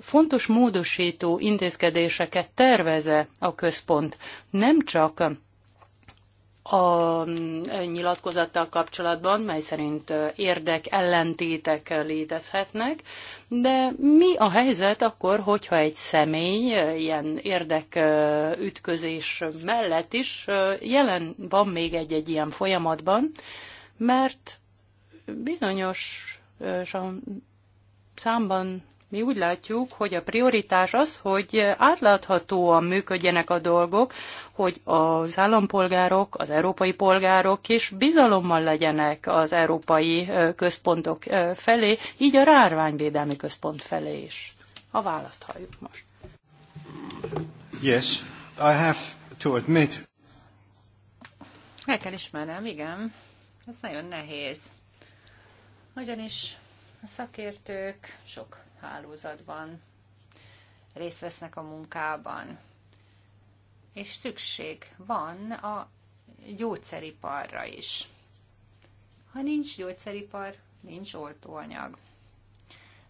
fontos módosító intézkedéseket terveze a központ, nem csak a nyilatkozattal kapcsolatban, mely szerint érdek ellentétek létezhetnek, de mi a helyzet akkor, hogyha egy személy ilyen érdekütközés mellett is jelen van még egy-egy ilyen folyamatban, mert bizonyos számban mi úgy látjuk, hogy a prioritás az, hogy átláthatóan működjenek a dolgok, hogy az állampolgárok, az európai polgárok is bizalommal legyenek az európai központok felé, így a rárványvédelmi központ felé is. A választ halljuk most. Yes, I have to admit. El kell ismernem, igen. Ez nagyon nehéz. Ugyanis a szakértők sok hálózatban részt vesznek a munkában. És szükség van a gyógyszeriparra is. Ha nincs gyógyszeripar, nincs oltóanyag.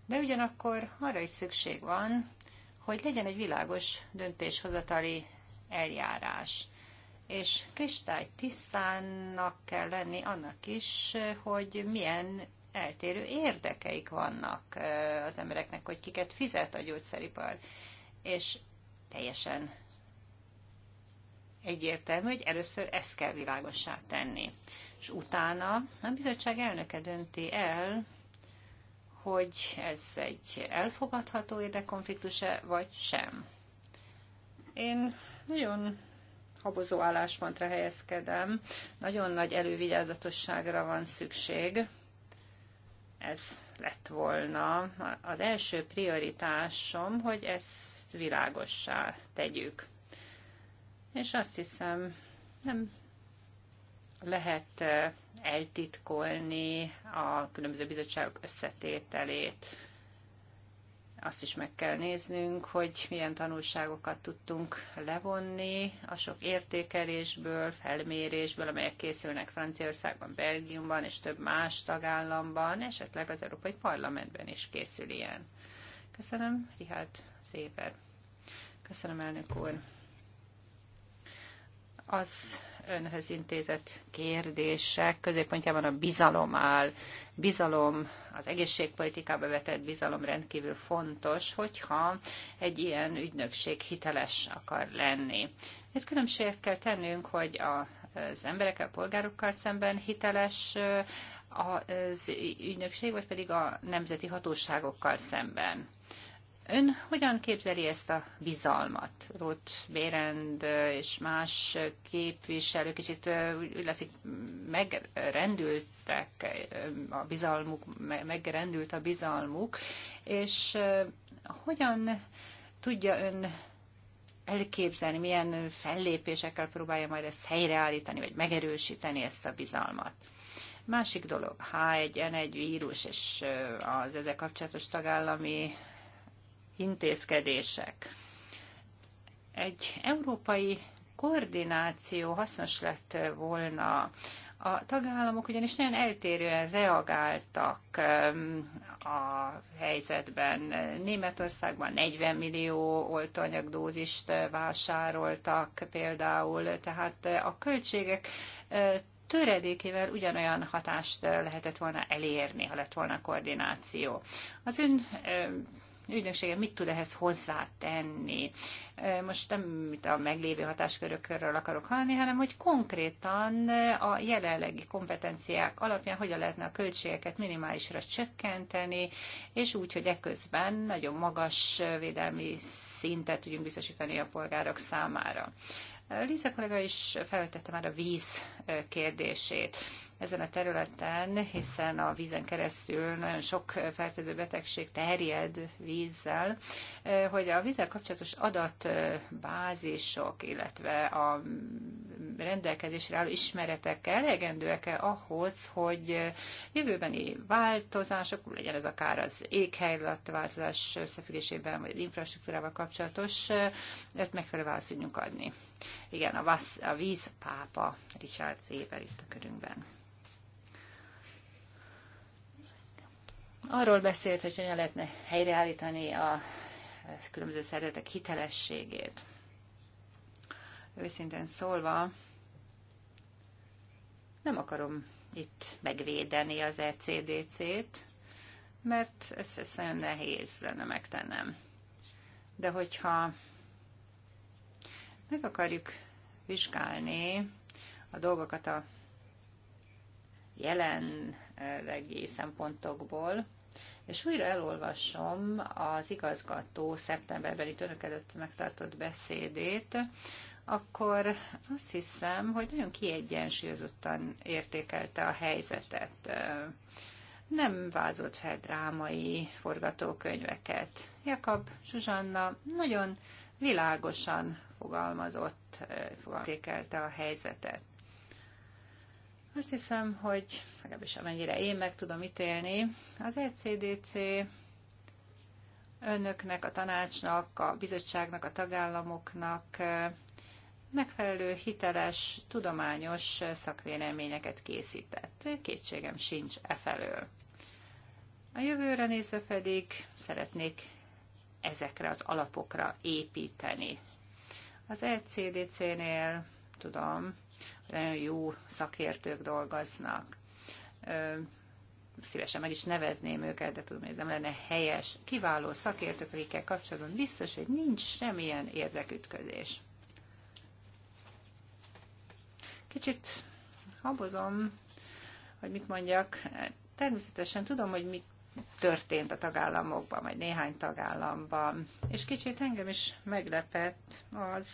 De ugyanakkor arra is szükség van, hogy legyen egy világos döntéshozatali eljárás. És kristály tisztának kell lenni annak is, hogy milyen eltérő érdekeik vannak az embereknek, hogy kiket fizet a gyógyszeripar. És teljesen egyértelmű, hogy először ezt kell világossá tenni. És utána a bizottság elnöke dönti el, hogy ez egy elfogadható érdekkonfliktus-e, vagy sem. Én nagyon habozó álláspontra helyezkedem, nagyon nagy elővigyázatosságra van szükség, ez lett volna az első prioritásom, hogy ezt világossá tegyük. És azt hiszem, nem lehet eh, eltitkolni a különböző bizottságok összetételét azt is meg kell néznünk, hogy milyen tanulságokat tudtunk levonni a sok értékelésből, felmérésből, amelyek készülnek Franciaországban, Belgiumban és több más tagállamban, esetleg az Európai Parlamentben is készül ilyen. Köszönöm, Rihárd Széber. Köszönöm, elnök úr. Az önhöz intézett kérdések középpontjában a bizalom áll. Bizalom, az egészségpolitikába vetett bizalom rendkívül fontos, hogyha egy ilyen ügynökség hiteles akar lenni. Itt különbséget kell tennünk, hogy a, az emberekkel, polgárokkal szemben hiteles az ügynökség, vagy pedig a nemzeti hatóságokkal szemben. Ön hogyan képzeli ezt a bizalmat? Ruth Bérend és más képviselők kicsit úgy látszik megrendültek a bizalmuk, megrendült a bizalmuk, és hogyan tudja ön elképzelni, milyen fellépésekkel próbálja majd ezt helyreállítani, vagy megerősíteni ezt a bizalmat? Másik dolog, H1N1 vírus és az ezzel kapcsolatos tagállami intézkedések. Egy európai koordináció hasznos lett volna. A tagállamok ugyanis nagyon eltérően reagáltak um, a helyzetben. Németországban 40 millió oltóanyagdózist uh, vásároltak például, tehát uh, a költségek uh, töredékével ugyanolyan hatást lehetett volna elérni, ha lett volna koordináció. Az ön um, ügynöksége mit tud ehhez hozzátenni. Most nem mit a meglévő hatáskörökről akarok hallani, hanem hogy konkrétan a jelenlegi kompetenciák alapján hogyan lehetne a költségeket minimálisra csökkenteni, és úgy, hogy eközben nagyon magas védelmi szintet tudjunk biztosítani a polgárok számára. Liza kollega is felvetette már a víz kérdését ezen a területen, hiszen a vízen keresztül nagyon sok fertőző betegség terjed vízzel, hogy a vízzel kapcsolatos adatbázisok, illetve a rendelkezésre álló ismeretek elegendőek-e ahhoz, hogy jövőbeni változások, legyen ez akár az éghajlat változás összefüggésében, vagy az infrastruktúrával kapcsolatos, ezt megfelelő választ tudjunk adni. Igen, a, vasz, a vízpápa Richard Zéber itt a körünkben. Arról beszélt, hogy hogyan lehetne helyreállítani a különböző szervezetek hitelességét. Őszintén szólva, nem akarom itt megvédeni az ECDC-t, mert ez ezt nagyon nehéz lenne megtennem. De hogyha meg akarjuk vizsgálni a dolgokat a jelenlegi szempontokból, és újra elolvasom az igazgató szeptemberbeli török előtt megtartott beszédét, akkor azt hiszem, hogy nagyon kiegyensúlyozottan értékelte a helyzetet. Nem vázolt fel drámai forgatókönyveket. Jakab Zsuzsanna nagyon világosan fogalmazott, értékelte a helyzetet. Azt hiszem, hogy legalábbis amennyire én meg tudom ítélni, az ECDC önöknek, a tanácsnak, a bizottságnak, a tagállamoknak eh, megfelelő hiteles, tudományos eh, szakvéleményeket készített. Kétségem sincs e felől. A jövőre nézve pedig szeretnék ezekre az alapokra építeni. Az ECDC-nél tudom, nagyon jó szakértők dolgoznak. Szívesen meg is nevezném őket, de tudom, hogy nem lenne helyes. Kiváló szakértők, akikkel kapcsolatban biztos, hogy nincs semmilyen érdekütközés. Kicsit habozom, hogy mit mondjak. Természetesen tudom, hogy mit történt a tagállamokban, vagy néhány tagállamban. És kicsit engem is meglepett az,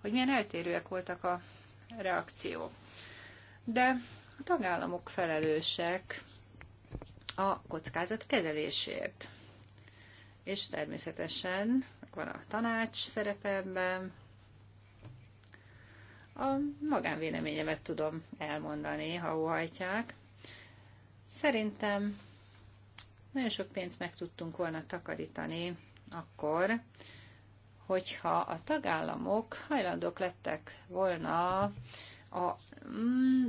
hogy milyen eltérőek voltak a reakció. De a tagállamok felelősek a kockázat kezelésért. És természetesen van a tanács szerepe ebben. A magánvéleményemet tudom elmondani, ha óhajtják. Szerintem nagyon sok pénzt meg tudtunk volna takarítani akkor, hogyha a tagállamok hajlandók lettek volna a mm,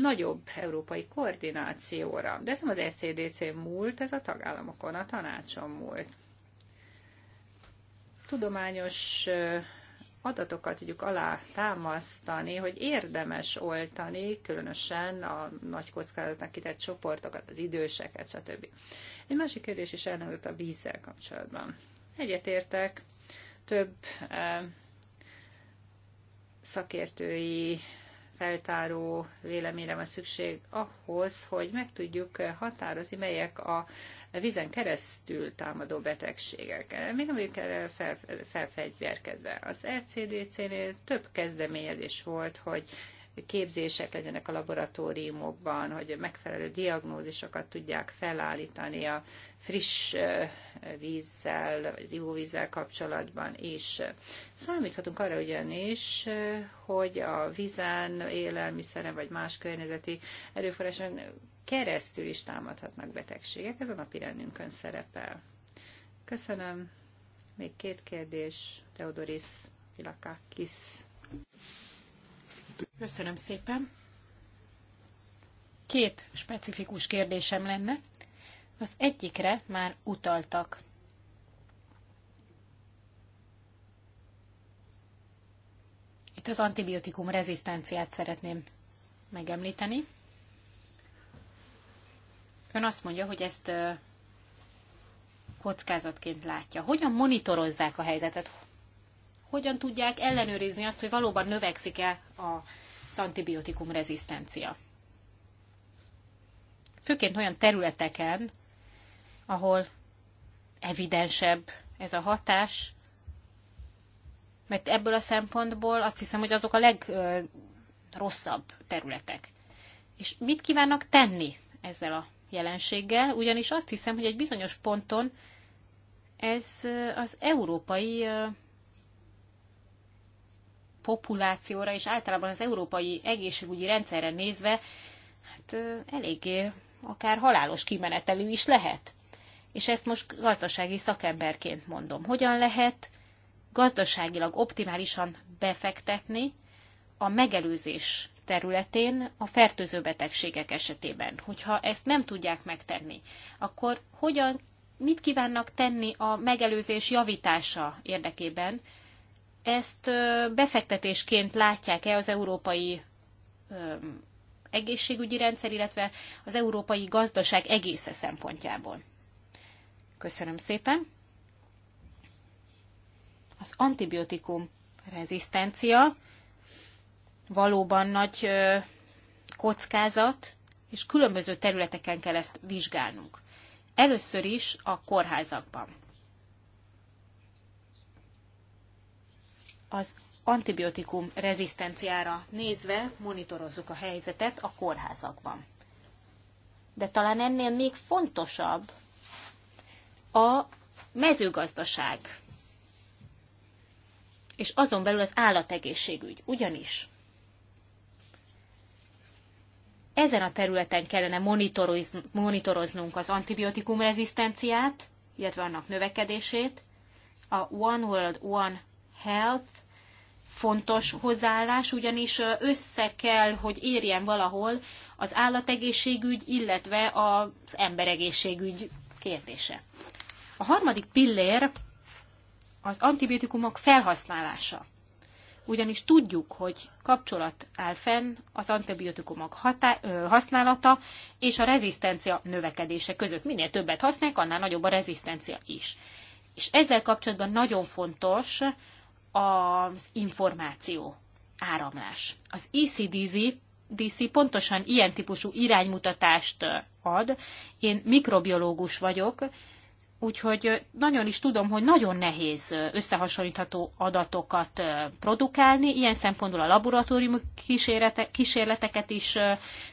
nagyobb európai koordinációra. De ez nem az ECDC múlt, ez a tagállamokon, a tanácson múlt. Tudományos adatokat tudjuk alá támasztani, hogy érdemes oltani, különösen a nagy kockázatnak kitett csoportokat, az időseket, stb. Egy másik kérdés is elnökült a vízzel kapcsolatban. Egyetértek, több szakértői feltáró véleményre van szükség ahhoz, hogy meg tudjuk határozni, melyek a vízen keresztül támadó betegségek. Mi nem vagyunk erre fel, felfegyverkezve. Az ECDC-nél több kezdeményezés volt, hogy képzések legyenek a laboratóriumokban, hogy megfelelő diagnózisokat tudják felállítani a friss vízzel, vagy az ivóvízzel kapcsolatban is. Számíthatunk arra ugyanis, hogy a vízen, élelmiszeren vagy más környezeti erőforráson keresztül is támadhatnak betegségek. Ez a napi rendünkön szerepel. Köszönöm. Még két kérdés. Teodoris Filakakis. Köszönöm szépen. Két specifikus kérdésem lenne. Az egyikre már utaltak. Itt az antibiotikum rezisztenciát szeretném megemlíteni. Ön azt mondja, hogy ezt kockázatként látja. Hogyan monitorozzák a helyzetet? hogyan tudják ellenőrizni azt, hogy valóban növekszik-e az antibiotikum rezisztencia. Főként olyan területeken, ahol evidensebb ez a hatás, mert ebből a szempontból azt hiszem, hogy azok a legrosszabb területek. És mit kívánnak tenni ezzel a jelenséggel? Ugyanis azt hiszem, hogy egy bizonyos ponton ez az európai populációra és általában az európai egészségügyi rendszerre nézve, hát eléggé akár halálos kimenetelű is lehet. És ezt most gazdasági szakemberként mondom. Hogyan lehet gazdaságilag optimálisan befektetni a megelőzés területén a fertőző betegségek esetében. Hogyha ezt nem tudják megtenni, akkor hogyan, mit kívánnak tenni a megelőzés javítása érdekében, ezt befektetésként látják-e az európai egészségügyi rendszer, illetve az európai gazdaság egésze szempontjából. Köszönöm szépen. Az antibiotikum rezisztencia valóban nagy kockázat, és különböző területeken kell ezt vizsgálnunk. Először is a kórházakban. az antibiotikum rezisztenciára nézve monitorozzuk a helyzetet a kórházakban. De talán ennél még fontosabb a mezőgazdaság, és azon belül az állategészségügy. Ugyanis ezen a területen kellene monitoroznunk az antibiotikum rezisztenciát, illetve annak növekedését, a One World One health fontos hozzáállás, ugyanis össze kell, hogy érjen valahol az állategészségügy, illetve az emberegészségügy kérdése. A harmadik pillér az antibiotikumok felhasználása. Ugyanis tudjuk, hogy kapcsolat áll fenn az antibiotikumok hatá- használata és a rezisztencia növekedése között. Minél többet használják, annál nagyobb a rezisztencia is. És ezzel kapcsolatban nagyon fontos, az információ áramlás. Az ECDZ DC pontosan ilyen típusú iránymutatást ad. Én mikrobiológus vagyok, úgyhogy nagyon is tudom, hogy nagyon nehéz összehasonlítható adatokat produkálni. Ilyen szempontból a laboratórium kísérleteket is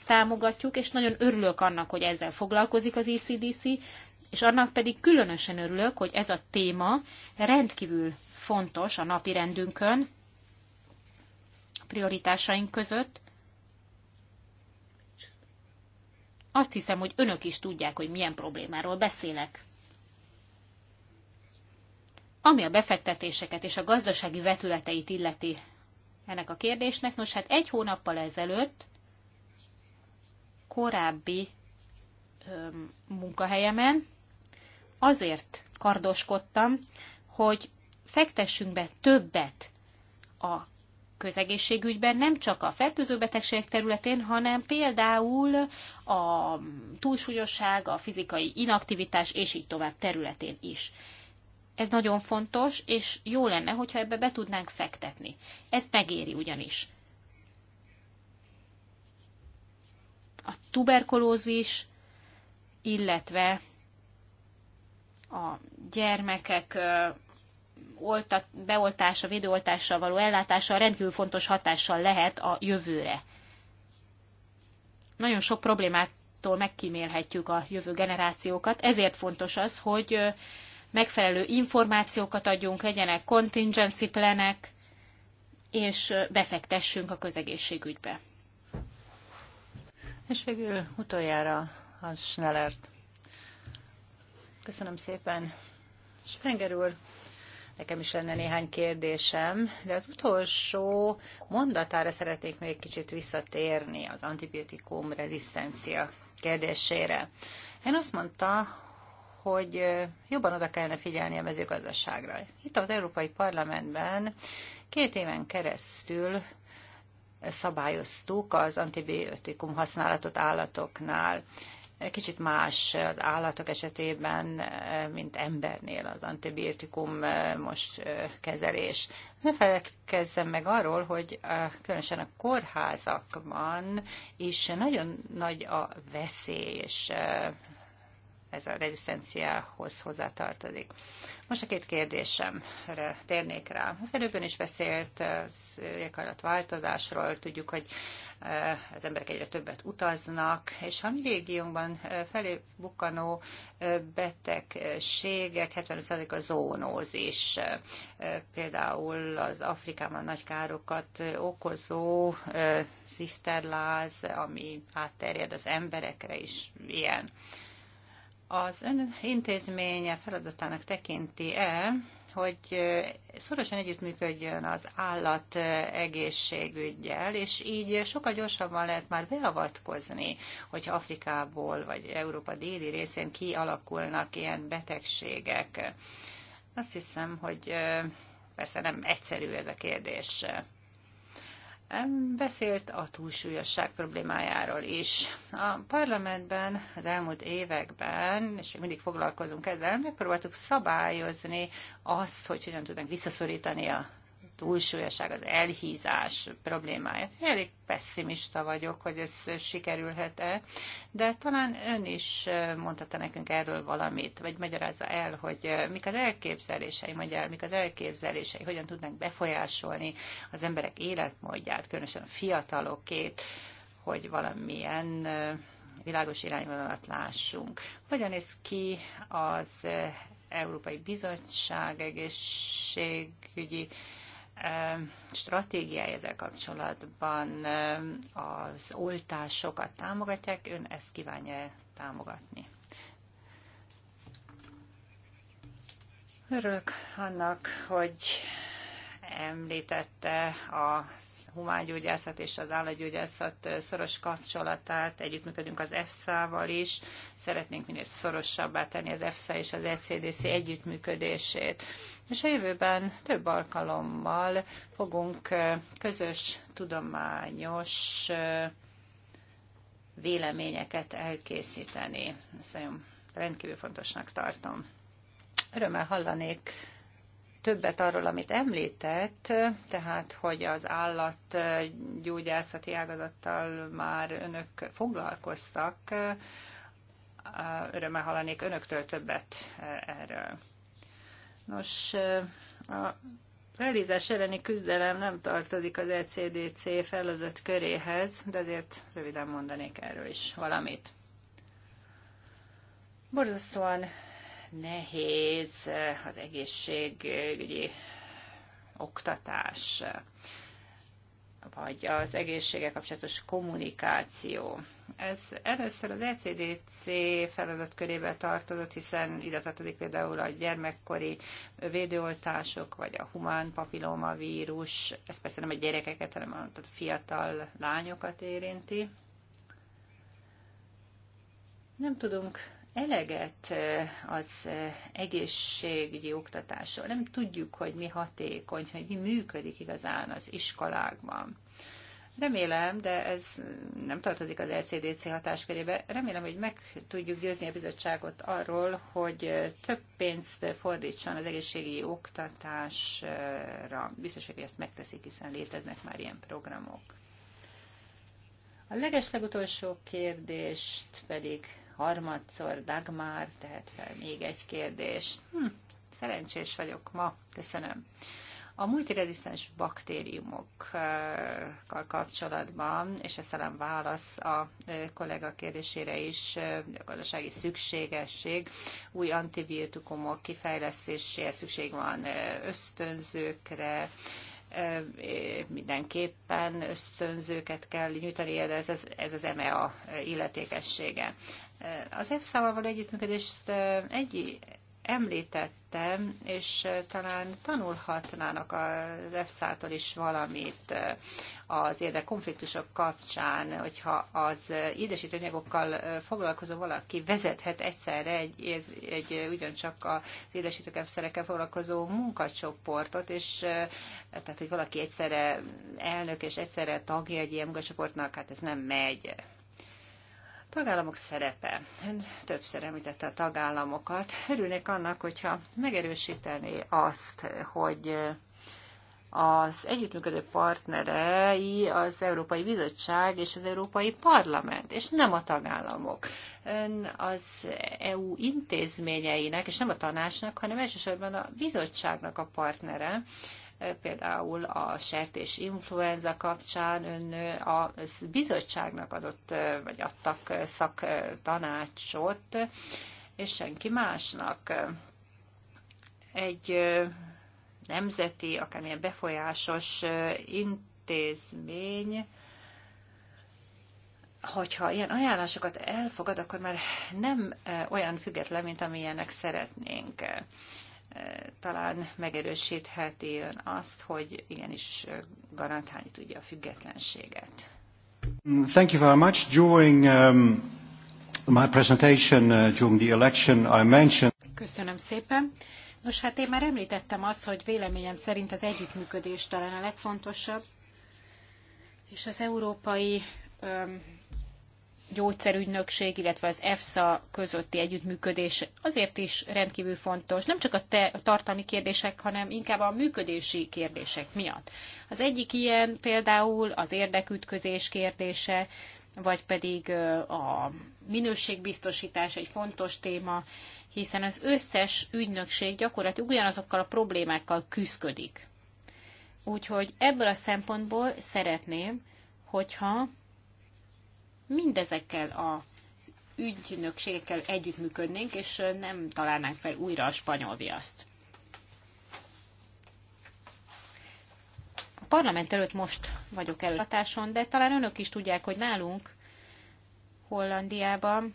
támogatjuk, és nagyon örülök annak, hogy ezzel foglalkozik az ECDC, és annak pedig különösen örülök, hogy ez a téma rendkívül fontos a napi rendünkön, a prioritásaink között. Azt hiszem, hogy önök is tudják, hogy milyen problémáról beszélek. Ami a befektetéseket és a gazdasági vetületeit illeti ennek a kérdésnek, nos hát egy hónappal ezelőtt korábbi öm, munkahelyemen azért kardoskodtam, hogy fektessünk be többet a közegészségügyben, nem csak a fertőző betegségek területén, hanem például a túlsúlyosság, a fizikai inaktivitás és így tovább területén is. Ez nagyon fontos, és jó lenne, hogyha ebbe be tudnánk fektetni. Ez megéri ugyanis. A tuberkulózis, illetve a gyermekek oltat, beoltása, védőoltással való ellátása rendkívül fontos hatással lehet a jövőre. Nagyon sok problémától megkímélhetjük a jövő generációkat, ezért fontos az, hogy megfelelő információkat adjunk, legyenek contingency plenek, és befektessünk a közegészségügybe. És végül utoljára az Schnellert. Köszönöm szépen. Sprenger úr, nekem is lenne néhány kérdésem, de az utolsó mondatára szeretnék még kicsit visszatérni az antibiotikum rezisztencia kérdésére. Én azt mondta, hogy jobban oda kellene figyelni a mezőgazdaságra. Itt az Európai Parlamentben két éven keresztül szabályoztuk az antibiotikum használatot állatoknál. Kicsit más az állatok esetében, mint embernél az antibiotikum eh, most eh, kezelés. Ne feledkezzem meg arról, hogy eh, különösen a kórházakban is nagyon nagy a veszély, és ez a rezisztenciához hozzátartozik. Most a két kérdésemre térnék rá. Az előbben is beszélt az éghajlatváltozásról, tudjuk, hogy e, az emberek egyre többet utaznak, és a mi régiónkban e, felé bukkanó e, betegségek 75%-a zónózis. Például az Afrikában nagy károkat okozó szifterláz, ami átterjed az emberekre is ilyen az ön intézménye feladatának tekinti-e, hogy szorosan együttműködjön az állat egészségügyel, és így sokkal gyorsabban lehet már beavatkozni, hogyha Afrikából vagy Európa déli részén kialakulnak ilyen betegségek. Azt hiszem, hogy persze nem egyszerű ez a kérdés. Beszélt a túlsúlyosság problémájáról is. A parlamentben az elmúlt években, és még mindig foglalkozunk ezzel, megpróbáltuk szabályozni azt, hogy hogyan tudnak visszaszorítani a túlsúlyoság, az elhízás problémáját. Elég pessimista vagyok, hogy ez sikerülhet-e, de talán ön is mondhatta nekünk erről valamit, vagy magyarázza el, hogy mik az elképzelései, el, mik az elképzelései, hogyan tudnak befolyásolni az emberek életmódját, különösen a fiatalokét, hogy valamilyen világos irányvonalat lássunk. Hogyan néz ki az Európai Bizottság egészségügyi stratégiája ezzel kapcsolatban az oltásokat támogatják, ön ezt kívánja támogatni? Örülök annak, hogy említette az humángyógyászat és az állatgyógyászat szoros kapcsolatát, együttműködünk az EFSA-val is, szeretnénk minél szorosabbá tenni az EFSA és az ECDC együttműködését. És a jövőben több alkalommal fogunk közös tudományos véleményeket elkészíteni. Ezt nagyon rendkívül fontosnak tartom. Örömmel hallanék többet arról, amit említett, tehát hogy az állatgyógyászati ágazattal már önök foglalkoztak, örömmel hallanék önöktől többet erről. Nos, a Elízás elleni küzdelem nem tartozik az ECDC feladat köréhez, de azért röviden mondanék erről is valamit. Borzasztóan nehéz eh, az egészségügyi oktatás, vagy az egészséggel kapcsolatos kommunikáció. Ez először az ECDC feladatkörébe tartozott, hiszen ide tartozik például a gyermekkori védőoltások, vagy a humán papillomavírus, ez persze nem a gyerekeket, hanem a fiatal lányokat érinti. Nem tudunk eleget az egészségügyi oktatásról. Nem tudjuk, hogy mi hatékony, hogy mi működik igazán az iskolákban. Remélem, de ez nem tartozik az LCDC hatáskörébe, remélem, hogy meg tudjuk győzni a bizottságot arról, hogy több pénzt fordítson az egészségügyi oktatásra. Biztos, hogy ezt megteszik, hiszen léteznek már ilyen programok. A legeslegutolsó kérdést pedig harmadszor Dagmar tehet fel még egy kérdést. Hm, szerencsés vagyok ma. Köszönöm. A multirezisztens baktériumokkal kapcsolatban, és ezt talán válasz a kollega kérdésére is, a gazdasági szükségesség, új antibiotikumok kifejlesztéséhez szükség van ösztönzőkre, mindenképpen ösztönzőket kell nyújtani, ez, ez, ez az EMEA illetékessége. Az EFSA-val való együttműködést egy említettem, és talán tanulhatnának az EFSA-tól is valamit az érdekkonfliktusok kapcsán, hogyha az édesítőanyagokkal foglalkozó valaki vezethet egyszerre egy, egy ugyancsak az édesítőkefszerekkel foglalkozó munkacsoportot, és tehát, hogy valaki egyszerre elnök és egyszerre tagja egy ilyen munkacsoportnak, hát ez nem megy. A tagállamok szerepe. Többször említette a tagállamokat. Örülnék annak, hogyha megerősítené azt, hogy az együttműködő partnerei az Európai Bizottság és az Európai Parlament, és nem a tagállamok. Ön az EU intézményeinek, és nem a tanácsnak, hanem elsősorban a bizottságnak a partnere, például a sertés influenza kapcsán ön a bizottságnak adott, vagy adtak szaktanácsot, és senki másnak. Egy nemzeti, akármilyen befolyásos intézmény, hogyha ilyen ajánlásokat elfogad, akkor már nem olyan független, mint amilyenek szeretnénk. Talán megerősítheti ön azt, hogy igenis garantálni tudja a függetlenséget. Thank you very much. During um, my presentation uh, during the election, I mentioned. Köszönöm szépen. Nos, hát én már említettem azt, hogy véleményem szerint az együttműködés talán a legfontosabb, és az európai öm, gyógyszerügynökség, illetve az EFSA közötti együttműködés azért is rendkívül fontos, nem csak a, te, a tartalmi kérdések, hanem inkább a működési kérdések miatt. Az egyik ilyen például az érdekütközés kérdése, vagy pedig a minőségbiztosítás egy fontos téma, hiszen az összes ügynökség gyakorlatilag ugyanazokkal a problémákkal küzdik. Úgyhogy ebből a szempontból szeretném, hogyha mindezekkel a ügynökségekkel együttműködnénk, és nem találnánk fel újra a spanyol viaszt. A parlament előtt most vagyok előadáson, de talán önök is tudják, hogy nálunk Hollandiában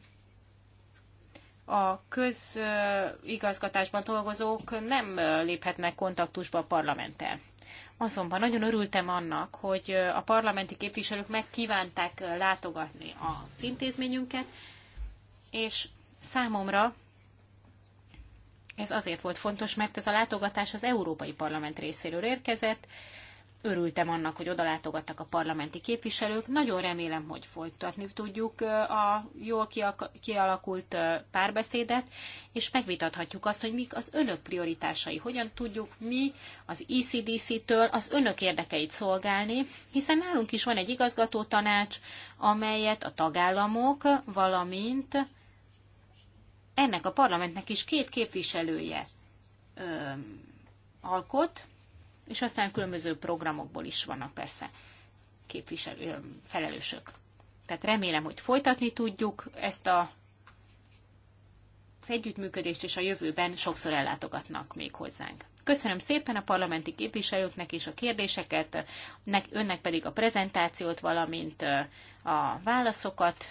a közigazgatásban dolgozók nem léphetnek kontaktusba a parlamenttel. Azonban nagyon örültem annak, hogy a parlamenti képviselők megkívánták látogatni az intézményünket, és számomra ez azért volt fontos, mert ez a látogatás az Európai Parlament részéről érkezett, örültem annak, hogy odalátogattak a parlamenti képviselők. Nagyon remélem, hogy folytatni tudjuk a jól kialakult párbeszédet, és megvitathatjuk azt, hogy mik az önök prioritásai, hogyan tudjuk mi az ECDC-től az önök érdekeit szolgálni, hiszen nálunk is van egy igazgató tanács, amelyet a tagállamok, valamint ennek a parlamentnek is két képviselője alkot, és aztán különböző programokból is vannak persze képviselő, felelősök. Tehát remélem, hogy folytatni tudjuk ezt a az együttműködést, és a jövőben sokszor ellátogatnak még hozzánk. Köszönöm szépen a parlamenti képviselőknek is a kérdéseket, önnek pedig a prezentációt, valamint a válaszokat.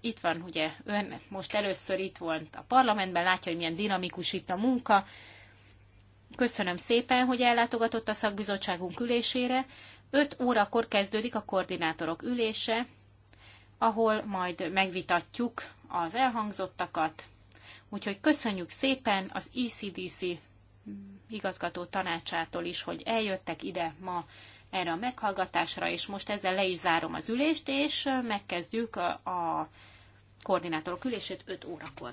Itt van ugye ön, most először itt volt a parlamentben, látja, hogy milyen dinamikus itt a munka, Köszönöm szépen, hogy ellátogatott a szakbizottságunk ülésére. 5 órakor kezdődik a koordinátorok ülése, ahol majd megvitatjuk az elhangzottakat. Úgyhogy köszönjük szépen az ECDC igazgató tanácsától is, hogy eljöttek ide ma erre a meghallgatásra, és most ezzel le is zárom az ülést, és megkezdjük a, a koordinátorok ülését 5 órakor.